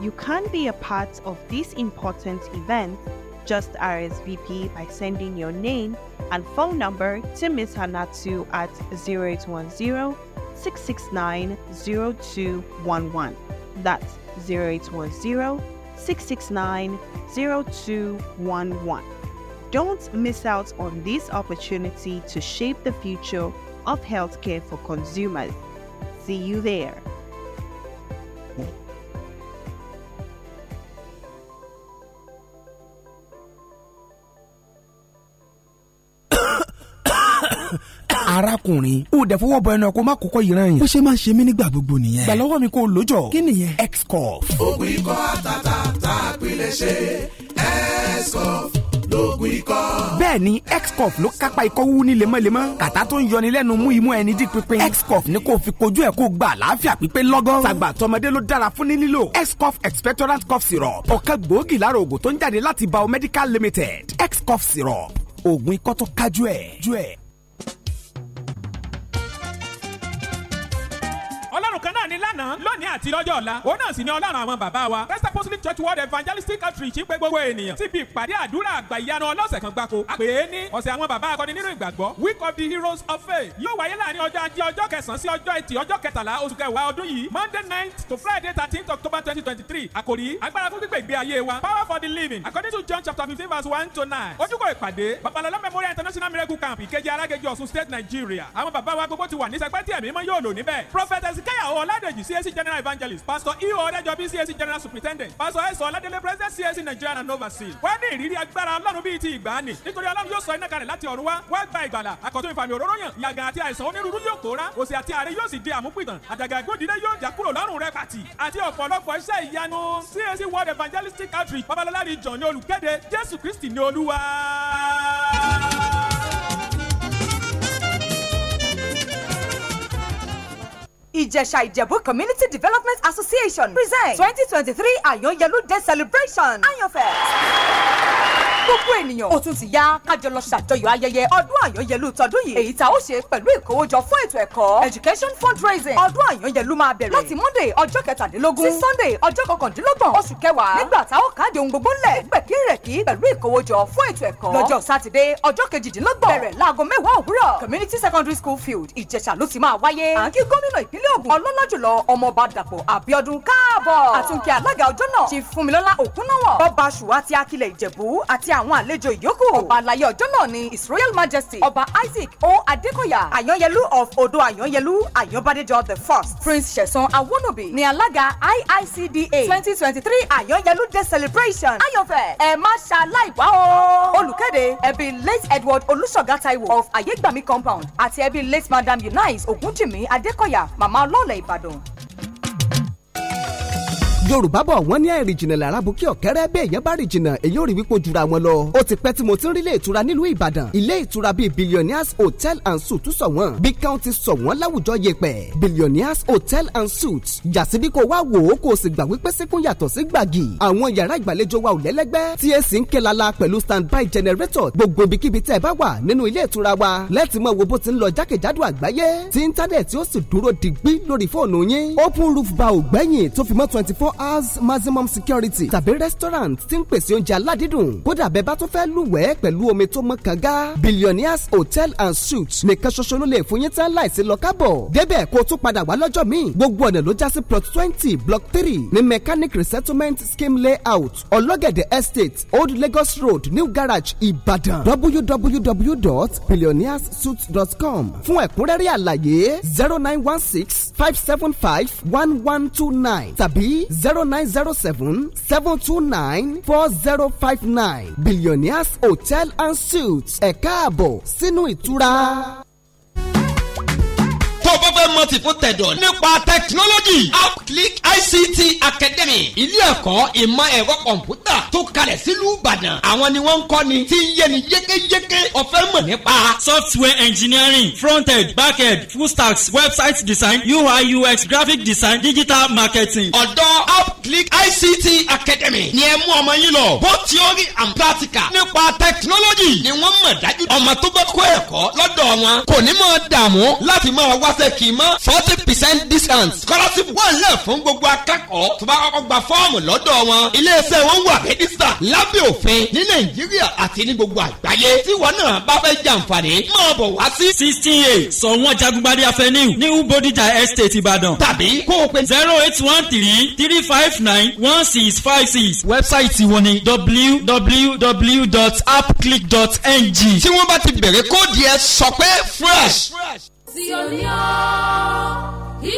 you can be a part of this important event. Just RSVP by sending your name and phone number to Ms. Hanatsu at 0810 669 0211. That's 0810 669 0211. Don't miss out on this opportunity to shape the future of healthcare for consumers. See you there. arákùnrin o dẹ̀ fọwọ́ bọ ẹnu ọkọ má kókó yìí rán yẹn. bó ṣe máa ń ṣe mí nígbà gbogbo nìyẹn. gbà lọ́wọ́ mi nigba gbogbo niyen gba mi ko lójọ. kí nìyẹn. X-Cough. ògùn ikọ́ àtàtà tá a pilẹ̀ ṣe X-Cough lóògùn ikọ́. bẹ́ẹ̀ni X-Cough ló kápá ikọ́ wú ní lemọ́lemọ́ kàtà tó ń yọni lẹ́nu mú imú ẹni dí pínpín X-Cough ni kò fi kojú ẹ̀ kó gba àlàáfíà pípé lọ́gán tàgbà tọmọdé ló dára fún ní lílo X-Cough expectorant cough syrup ọ̀kan gbòógì lára oògùn tó ń jáde láti Biomedical Limited X-Cough syrup oògùn ikọ́ tó kájú ẹ̀. ọlọ́run kan náà ni lánàá lónìí àti lọ́jọ́ ọ̀la òun náà sì ni ọlọ́run àwọn bàbá wa first apostolic church world evangelistic outreach ń pe gbogbo ènìyàn síbi ìpàdé àdúrà àgbà ìyanu ọlọ́sẹ̀ kan gbáko àpè é ní ọ̀sẹ̀ àwọn bàbá akọni nínú ìgbàgbọ́ week of the heroes of faith yóò wáyé láàrin ọjọ́ ajé ọjọ́ kẹsàn-án sí ọjọ́ ẹtì ọjọ́ kẹtàlá oṣù kẹwàá ọdún yìí monday ninth to friday thirteenth october twenty twenty three àkòrí agbára fún gbígbé ìgbé ayé wa power for the living according to john chapter fifteen verse one to nine ojúkọ ìpàdé babalọlá memorial international miracle camp ìkejì alágéjì ọ̀ṣun state nigeria àwọn bàbá wa gbogbo ti wà ní sẹpẹ́tì ẹ̀mí mọ́ yóò lò níbẹ̀ prophet ezekiel ọlá Oladeji CAC General Evangelist Pastor Iho Ọ̀dẹ́jọbí CAC General Superintendent Pastor Ẹ̀sọ́ Ọládélé President CAC Nigeria and overseas. Wọ́n ní ìrírí agbára Ọlọ́run bíi ti ìgbàanì. Nítorí Ọlọ́run yóò sọ iná kalẹ̀ láti ọ̀run wá. Wọ́n gba ìgbàlà, àkọ́tún ìfàmì òróró yàn. Ìyàgàn àti àìsàn onírúurú yóò kóra. Òsì àti àárẹ̀ yóò sì di àmúpìtàn. Àjàgà ìgbòdìdé yóò jà kúrò lọ́rùn rẹ pàtì. Àti ọ̀pọ̀lọpọ̀ iṣẹ́ ìyanu. CAC World Evangelistic Outreach Babalọ́lá Region ni olùkéde. Jésù Kristi ni Olúwa. ìjẹ̀ṣà ìjẹ̀bú community development association present twenty twenty three àyànyẹlú day celebration ayànfẹ́ gbogbo ènìyàn ó tún ti yá kájọ lọ ṣàjọyọ̀ ayẹyẹ ọdún àyànyẹlú tọdún yìí èyí tá ó ṣe pẹ̀lú ìkówójọ fún ètò ẹ̀kọ́ education fundraising ọdún àyànyẹlú máa bẹ̀rẹ̀ láti monday ọjọ́ kẹtàdínlógún sí sunday ọjọ́ kọkàndínlọ́gbọ̀n oṣù kẹwàá nígbà tá ó káàdì ohun gbogbo ńlẹ̀ pẹ̀kírẹ̀kí pẹ̀lú ìkówójọ fún ètò ẹ̀kọ́ lọ́jọ́ sátidé ọjọ́ kejìdínlọ́gbọ̀n bẹ̀rẹ̀ láago mẹ́wàá òwúrọ̀ community àwọn àlejò ìyókù ọba àlàyé ọjọ́ náà ni his royal majesty ọba isaac o Adekoya, àyànyẹlú of odo àyànyẹlú àyànbádéjọ the first prince ṣẹ̀san awónòbí ni alága iicda twenty twenty three àyànyẹlú day celebration ayọ̀fẹ́ ẹ má ṣaláìwá o. olùkéde ẹbí late edward olùṣọ́gá taiwo of ayégbàmí compound àti ẹbí late madam eunice ògúnjìmí Adekoya, Mama ọlọ́ọ̀lẹ̀ ìbàdàn yorùbá bọ̀ wọ́n ní àìrìn jìnnà lára bukí ọ̀kẹ́rẹ́ bẹ́ẹ̀ yẹn bá rìn jìnnà èyí ò rí wípé jura wọn lọ. ó ti pẹ́ tí mo ti ń rí ilé ìtura nílùú ìbàdàn ilé ìtura bíi billionaires hotel and suites sọ wọ́n bí káwọn ti sọ wọ́n láwùjọ yẹpẹ̀ billionaires hotel and suites yàtí bí kò wá wò ó kò sì gbà wípé síkún yàtọ̀ sí gbàgì àwọn yàrá ìgbàlejò wa ò lẹ́lẹ́gbẹ́ tí èsì ń ké lala pẹ̀lú standby generator gbogbo ibikíbi tẹ́ ẹ bá wà nínú ilé ìtura wa lẹ́tì mọ̀ wo bó ti ń lọ jákèjádò àgbáyé tí íńtánẹ̀tì ó sì dúró digbí lórí fóònù yín open roof bar ò gbẹ́yìn tó fi mọ́ twenty four house maximum security tàbí restaurant tí ń pèsè oúnjẹ aládídùn kódà bẹ́ẹ̀ bá tún fẹ́ lúwẹ̀ẹ́ pẹ̀lú omi tó mọ́ kànga billionaires hotel and suites nìkan ṣoṣo ló lè fún yín tán láìsí lọ kábọ̀ débẹ̀ kó o tún padà wá lọ́jọ́ míì gbogbo ọ̀nà ló já sí plot twenty block three ní mechanic resettlement scheme layout ọlọ́gẹ̀dẹ̀ estate old lagos road new garage ìbàdàn www.billionairessuites.com fún ẹ̀kúnrẹ́rẹ́ àlàyé zero nine one six five seven five one one two nine tàbí zero zero nine zero seven seven two nine four zero five nine billionaires hotel and suites ẹ̀ka àbọ̀ sínú ìtura tó o bá fẹ́ mọ ti fún tẹ̀dọ̀ nípa tẹkinọ́lọ́jì Outclick ICT Academy ilé ẹ̀kọ́ ìmọ̀ ẹ̀rọ kọ̀m̀pútà tó kalẹ̀ sílùú Ìbàdàn àwọn ni wọ́n ń kọ́ ni ti ń yé ni yékéyéké ọ̀fẹ́ mọ̀ nípa. software engineering front-end full stacks website design UI UX graphic design digital marketing. ọ̀dọ́ Outclick ICT Academy ni ẹ mú ọmọ yín lọ both theory and practical nípa tẹkinọ́lọ́jì ni wọ́n mọ̀ dájú ọmọ tó bá kó ẹ̀kọ́ lọ́dọ̀ wọn kò ní mọ̀ dààmú láti máa wá pàtàkì mọ́ forty percent discount scholarship wà lẹ̀ fún gbogbo akẹ́kọ̀ọ́ tó bá kọ́kọ́ gba fọ́ọ̀mù lọ́dọ̀ wọn iléeṣẹ́ wọn wà rẹ́dísítà lábẹ́ òfin ní nàìjíríà àti ní gbogbo àgbáyé tí wọn náà bá fẹ́ jàǹfààní máa bọ̀ wá sí. sixteen eight sọ̀wọ́n jagunbadé afẹ́niw ní ubodija estate ibadan. tàbí kó o pe zero eight one three three five nine one six five six wẹ́bsáìtì wọn ni www.appclick.ng tí wọ́n bá ti bẹ̀rẹ̀ kóòdù yẹn sọ pé fresh. fresh. Zion yọ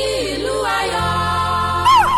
ìlú ayọ̀.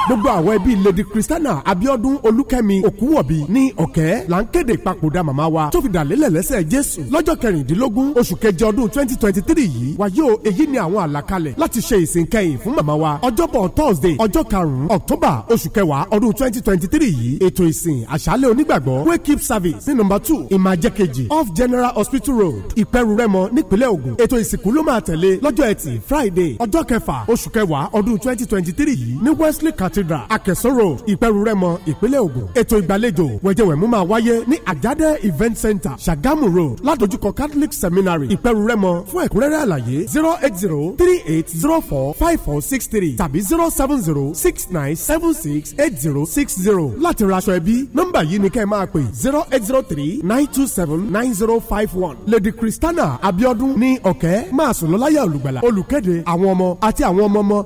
gbogbo àwọn ẹbí lady christiana abiodun olúkẹ́mi òkúwọ̀bí ní ọ̀kẹ́ là ń kéde ìpapòdà màmá wa tó fi dàlélẹ̀ lẹ́sẹ̀ jésù lọ́jọ́ kẹrìndínlógún oṣù kẹjọ ọdún twenty twenty three yìí wáyé o èyí ni àwọn àlàkalẹ̀ láti ṣe ìsìn kẹyìn fún màmá wa ọjọ́bọ̀ thursday ọjọ́ karùn october oṣù kẹwàá ọdún twenty twenty three yìí ètò ìsìn àṣálẹ̀ onígbàgbọ́ wake up service ní nọ́mbà two ìmàjẹ́kejì off general hospital road ìpẹ́rù rẹ́mọ nípínlẹ̀ ògùn ètò ìsìnkú ló máa tẹ̀lé lọ́jọ́ ẹtì friday ọjọ́ kẹfà oṣù kẹwàá ọdún twenty twenty three yìí ní wesley cathedral cathedral akẹsán road ìpẹ̀rù rẹ́mọ ìpínlẹ̀ ògùn ètò ìgbàlejò wẹ̀jẹ̀wẹ̀mú máa wáyé ní àjádẹ́ event center sagamu road ládojúkọ catholic seminary ìpẹ̀rù rẹ́mọ fún ẹ̀kúnrẹ́rẹ́ àlàyé zero eight zero three eight zero four five four six three tàbí zero seven zero six nine seven six eight zero six zero láti ra aṣọ ẹbí nọ́mbà yìí ni kẹ́ ẹ máa pè zero eight zero three nine two seven nine zero five one lady christiana abiodun ní ọ̀kẹ́ máa sùn lọ́láyà olùgbàlà olùkéde àwọn ọmọ àti àwọn ọmọ ọmọ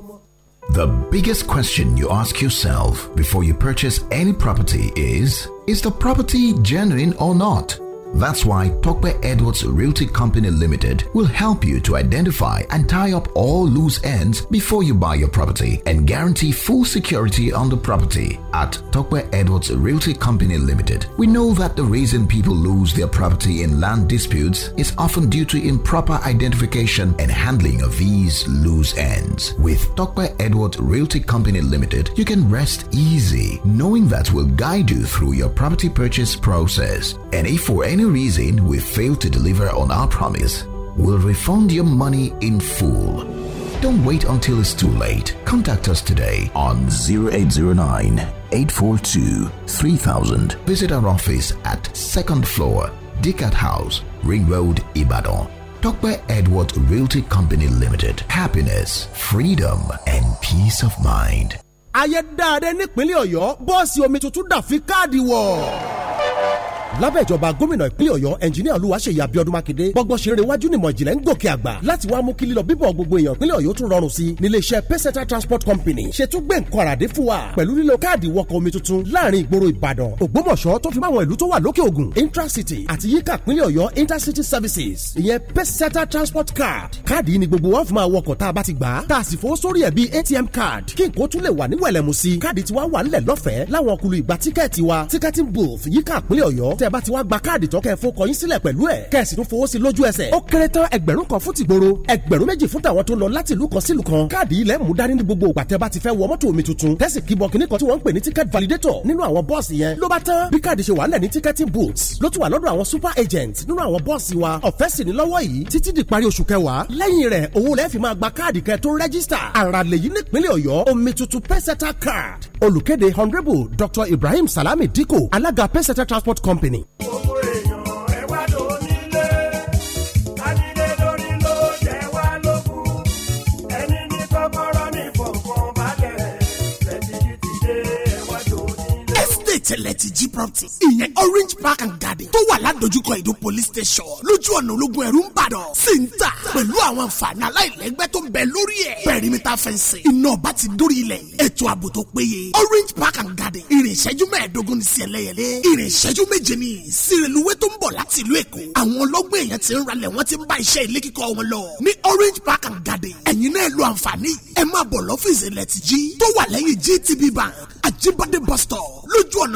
The biggest question you ask yourself before you purchase any property is Is the property genuine or not? That's why Tokwe Edwards Realty Company Limited will help you to identify and tie up all loose ends before you buy your property and guarantee full security on the property. At Tokwe Edwards Realty Company Limited, we know that the reason people lose their property in land disputes is often due to improper identification and handling of these loose ends. With Tokwe Edwards Realty Company Limited, you can rest easy knowing that we'll guide you through your property purchase process. And if for any any reason we fail to deliver on our promise, we'll refund your money in full. Don't wait until it's too late. Contact us today on 0809 842 3000. Visit our office at 2nd floor, Dickard House, Ring Road, Ibadan. Talk by Edward Realty Company Limited. Happiness, freedom, and peace of mind. ayé dáadé nípínlẹ̀ ọ̀yọ́ bọ́ọ̀sì omi tuntun dà fi káàdì wọ̀. lábẹ́ ìjọba gómìnà ìpínlẹ̀ ọ̀yọ́ ẹnjiníà olúwaṣeyì abiodun makinde gbọgbọ́n ṣeré wájú nímọ̀ ìjìnlẹ̀ ń gòkè àgbà láti wá mú kí lílọ bíbọ̀ gbogbo èèyàn ìpínlẹ̀ ọ̀yọ́ tún rọrùn sí nílé iṣẹ́ peseta transport company ṣètò gbé nǹkan àràdé fún wa pẹ̀lú lílo káàdì ìwọkọ̀ omi tuntun láàrin ìgboro ìbàdàn ògbómọ̀ṣọ́ tó fi máwọn ìlú tó wà lókè ògùn intracity àti services ìyẹn peseta transport card káàdì ni gbogbo wa fi máa wọkọ̀ tá a bá atm card kí nǹkan tún lè wà ní wẹ̀lẹ̀mú sí káàdì tiwa wà ńlẹ̀ lọ́fẹ̀ẹ́ láwọn ọkùnrin tẹ́ ẹ bá ti wá gba káàdì tó kẹ́ ẹ fowó kọyín sílẹ̀ pẹ̀lú ẹ̀ kẹ́sì tún fowó sí lójú ẹsẹ̀ ó kéré tán ẹgbẹ̀rún kan fún tìgboro ẹgbẹ̀rún méjì fún tàwọn tó lọ láti ìlú kan sílùú kan káàdì ilẹ̀ mú dání ní gbogbo ìgbà tẹ́ bá ti fẹ́ wọ mọ́tò omi tuntun tẹ́sì kíbọ̀ kínní kan tí wọ́n ń pè ní ticket validator nínú àwọn bọ́ọ̀sì yẹn ló bá tán bí káàdì ṣe wà nílẹ̀ ní ticketing booths ló tún wà lọ́dọ̀ àwọn super agent nínú àwọn bọ́ọ̀sì wa ọ̀fẹ́ sì ní lọ́wọ́ yìí títí di parí oṣù kẹwàá lẹ́yìn rẹ̀ owó lẹ́ẹ̀ fi máa gba káàdì kẹ tó rẹ́gísítà àràlẹ̀ yìí nípínlẹ̀ ọ̀yọ́ omi tuntun pẹ́sẹ́tà card olùkéde honourable dr ibrahim salami dikko alága pẹ́sẹ́tà transport company company. ṣẹlẹ̀ jí property. ìyẹn orange park and garden tó wà ládojúkọ ìdó police station lójú ọ̀nà ológun ẹ̀rú ń bàdàn sí ń tà pẹ̀lú àwọn àǹfààní aláìlẹ́gbẹ́ tó ń bẹ lórí ẹ̀. pẹ̀rímítà fẹ́ǹsì iná ọba ti dórí ilẹ̀ ètò ààbò tó péye orange park and garden ìrìn ìṣẹ́jú mẹ́ẹ̀ẹ́dógún ní sí ẹlẹ́yẹlé ìrìn ìṣẹ́jú méje ní sírẹ̀lúwẹ́ tó ń bọ̀ láti ìlú èkó àwọn ọlọ́gbọ́n èèyàn ti ń ralẹ̀ wọ́n orange park and garden ẹ̀yin náà lo àǹfààní ẹ máa bọ̀ lọ́fíìsì ilẹ̀ gtb bank àjíbádé bus stop lójú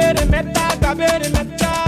kabere metta kabere metta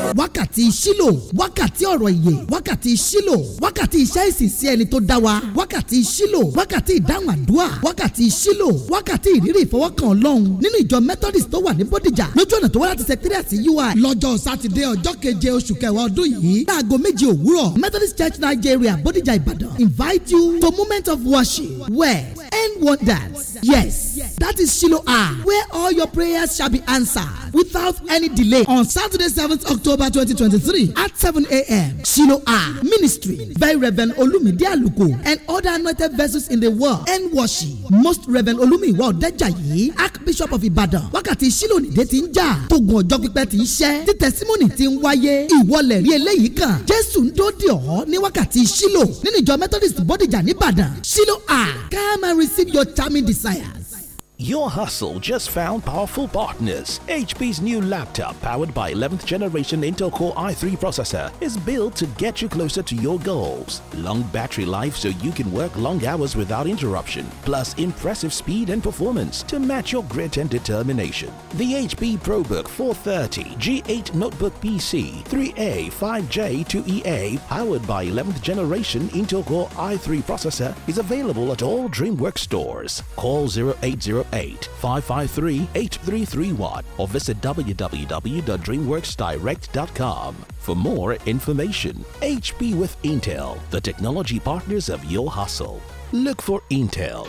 wákàtí sílò wákàtí ọ̀rọ̀ ìyè wákàtí sílò wákàtí iṣẹ́ ìsìnsí ẹni tó dá wa wákàtí sílò wákàtí ìdáhùn àdúrà wákàtí sílò wákàtí ìrírí ìfọwọ́kàn ọlọ́run nínú ìjọ methodist tó wà ní bódìjà lójú ọ̀nà tó wá láti sẹkítírìàsì ui lọ́jọ́ sátidé ọjọ́ keje oṣù kẹwàá ọdún yìí láago méje òwúrọ̀ methodist church nigeria bódìjà ìbàdàn invite you to moment of worship where end wonders yes yes. That is Shiloh R, where all your prayers shall be answered without any delay on Saturday, 7th October 2023 at 7 a.m. Shiloh R Ministry by Reverend Olumide Aluko and other anointed vessels in the world and worship. Most Reverend Olumiwa Odejayi, Archbishop of Ibadan. Wakati Shiloh nìde ti ń jà. Togun ti ń ṣẹ́. testimony ti ń wáyé. Ìwọlẹ̀ rí eléyìí kan. Jésù ń dóde ọ̀ ní wákàtí Shiloh nínú ìjọ Methodist Bódìjà ní Ìbàdàn. Shiloh Come and receive your charming desires. Your hustle just found powerful partners. HP's new laptop, powered by 11th generation Intel Core i3 processor, is built to get you closer to your goals. Long battery life so you can work long hours without interruption, plus impressive speed and performance to match your grit and determination. The HP ProBook 430 G8 Notebook PC 3A 5J 2EA, powered by 11th generation Intel Core i3 processor, is available at all DreamWorks stores. Call 080 553 8331 or visit www.dreamworksdirect.com for more information. HP with Intel, the technology partners of your hustle. Look for Intel.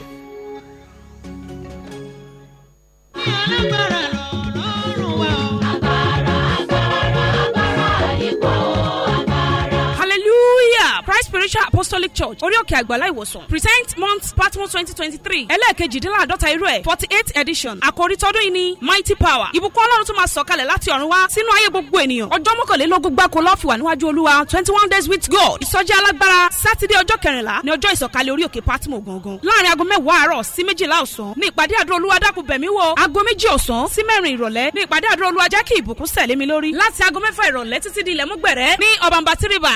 spiritual apostolic church orí òkè àgbàlá present month part one twenty twenty three ẹlẹ́ẹ̀kejìdínláàdọ́ta irú ẹ̀ forty eight edition àkòrí tọdún yìí ni mighty power ìbùkún ọlọ́run tó máa sọ̀kalẹ̀ láti ọ̀run wá sínú ayé gbogbo ènìyàn ọjọ́ mọ́kànlélógún gbáko lọ́ọ̀fù wà níwájú olúwa twenty one days with god ìsọjí alágbára sátidé ọjọ́ kẹrìnlá ni ọjọ́ ìsọ̀kalẹ̀ orioke òkè pátìmọ̀ gangan láàrin aago mẹ́wàá àárọ̀ sí méjìlá ọ̀sán ní ìpàdé àdúrà olúwa dákun bẹ̀mí wò aago méjì ọ̀sán sí mẹ́rin ìrọ̀lẹ́ ní ìpàdé àdúrà olúwa jẹ́ kí ìbùkún sẹ̀lé mi lórí láti aago mẹ́fà ìrọ̀lẹ́ títí di ilẹ̀ mú gbẹ̀rẹ́ ní ọ̀bàǹbà tìrìbà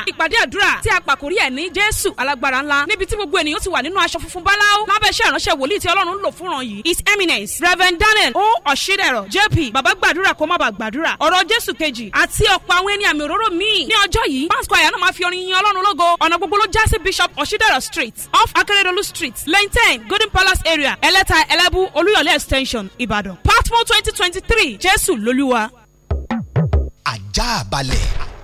bẹ́ẹ̀ jésù alágbára ńlá níbi tí gbogbo ènìyàn ti wà nínú aṣọ funfun báláú lábẹ́ iṣẹ́ wòlíì tí ọlọ́run ń lò fúnran yìí his eminence reverend daniel o ọ̀ṣídẹ̀rọ̀ jp bàbá gbàdúrà kó má bàa gbàdúrà ọ̀rọ̀ jésù kejì àti ọ̀pọ̀ àwọn ẹni àmì òróró míì ní ọjọ́ yìí pásítọ̀ àyà náà máa fi orin yin ọlọ́run lógo ọ̀nà gbogbo ló já sí bishop ọ̀ṣídẹ̀rọ̀ street off akérèdọ́lù street lane ten golden palace area ẹlẹ́ta ẹlẹ́bù olúyọ̀lé extension ìbàdàn platform twenty twenty three jésù lolúwa. àjàbalẹ̀.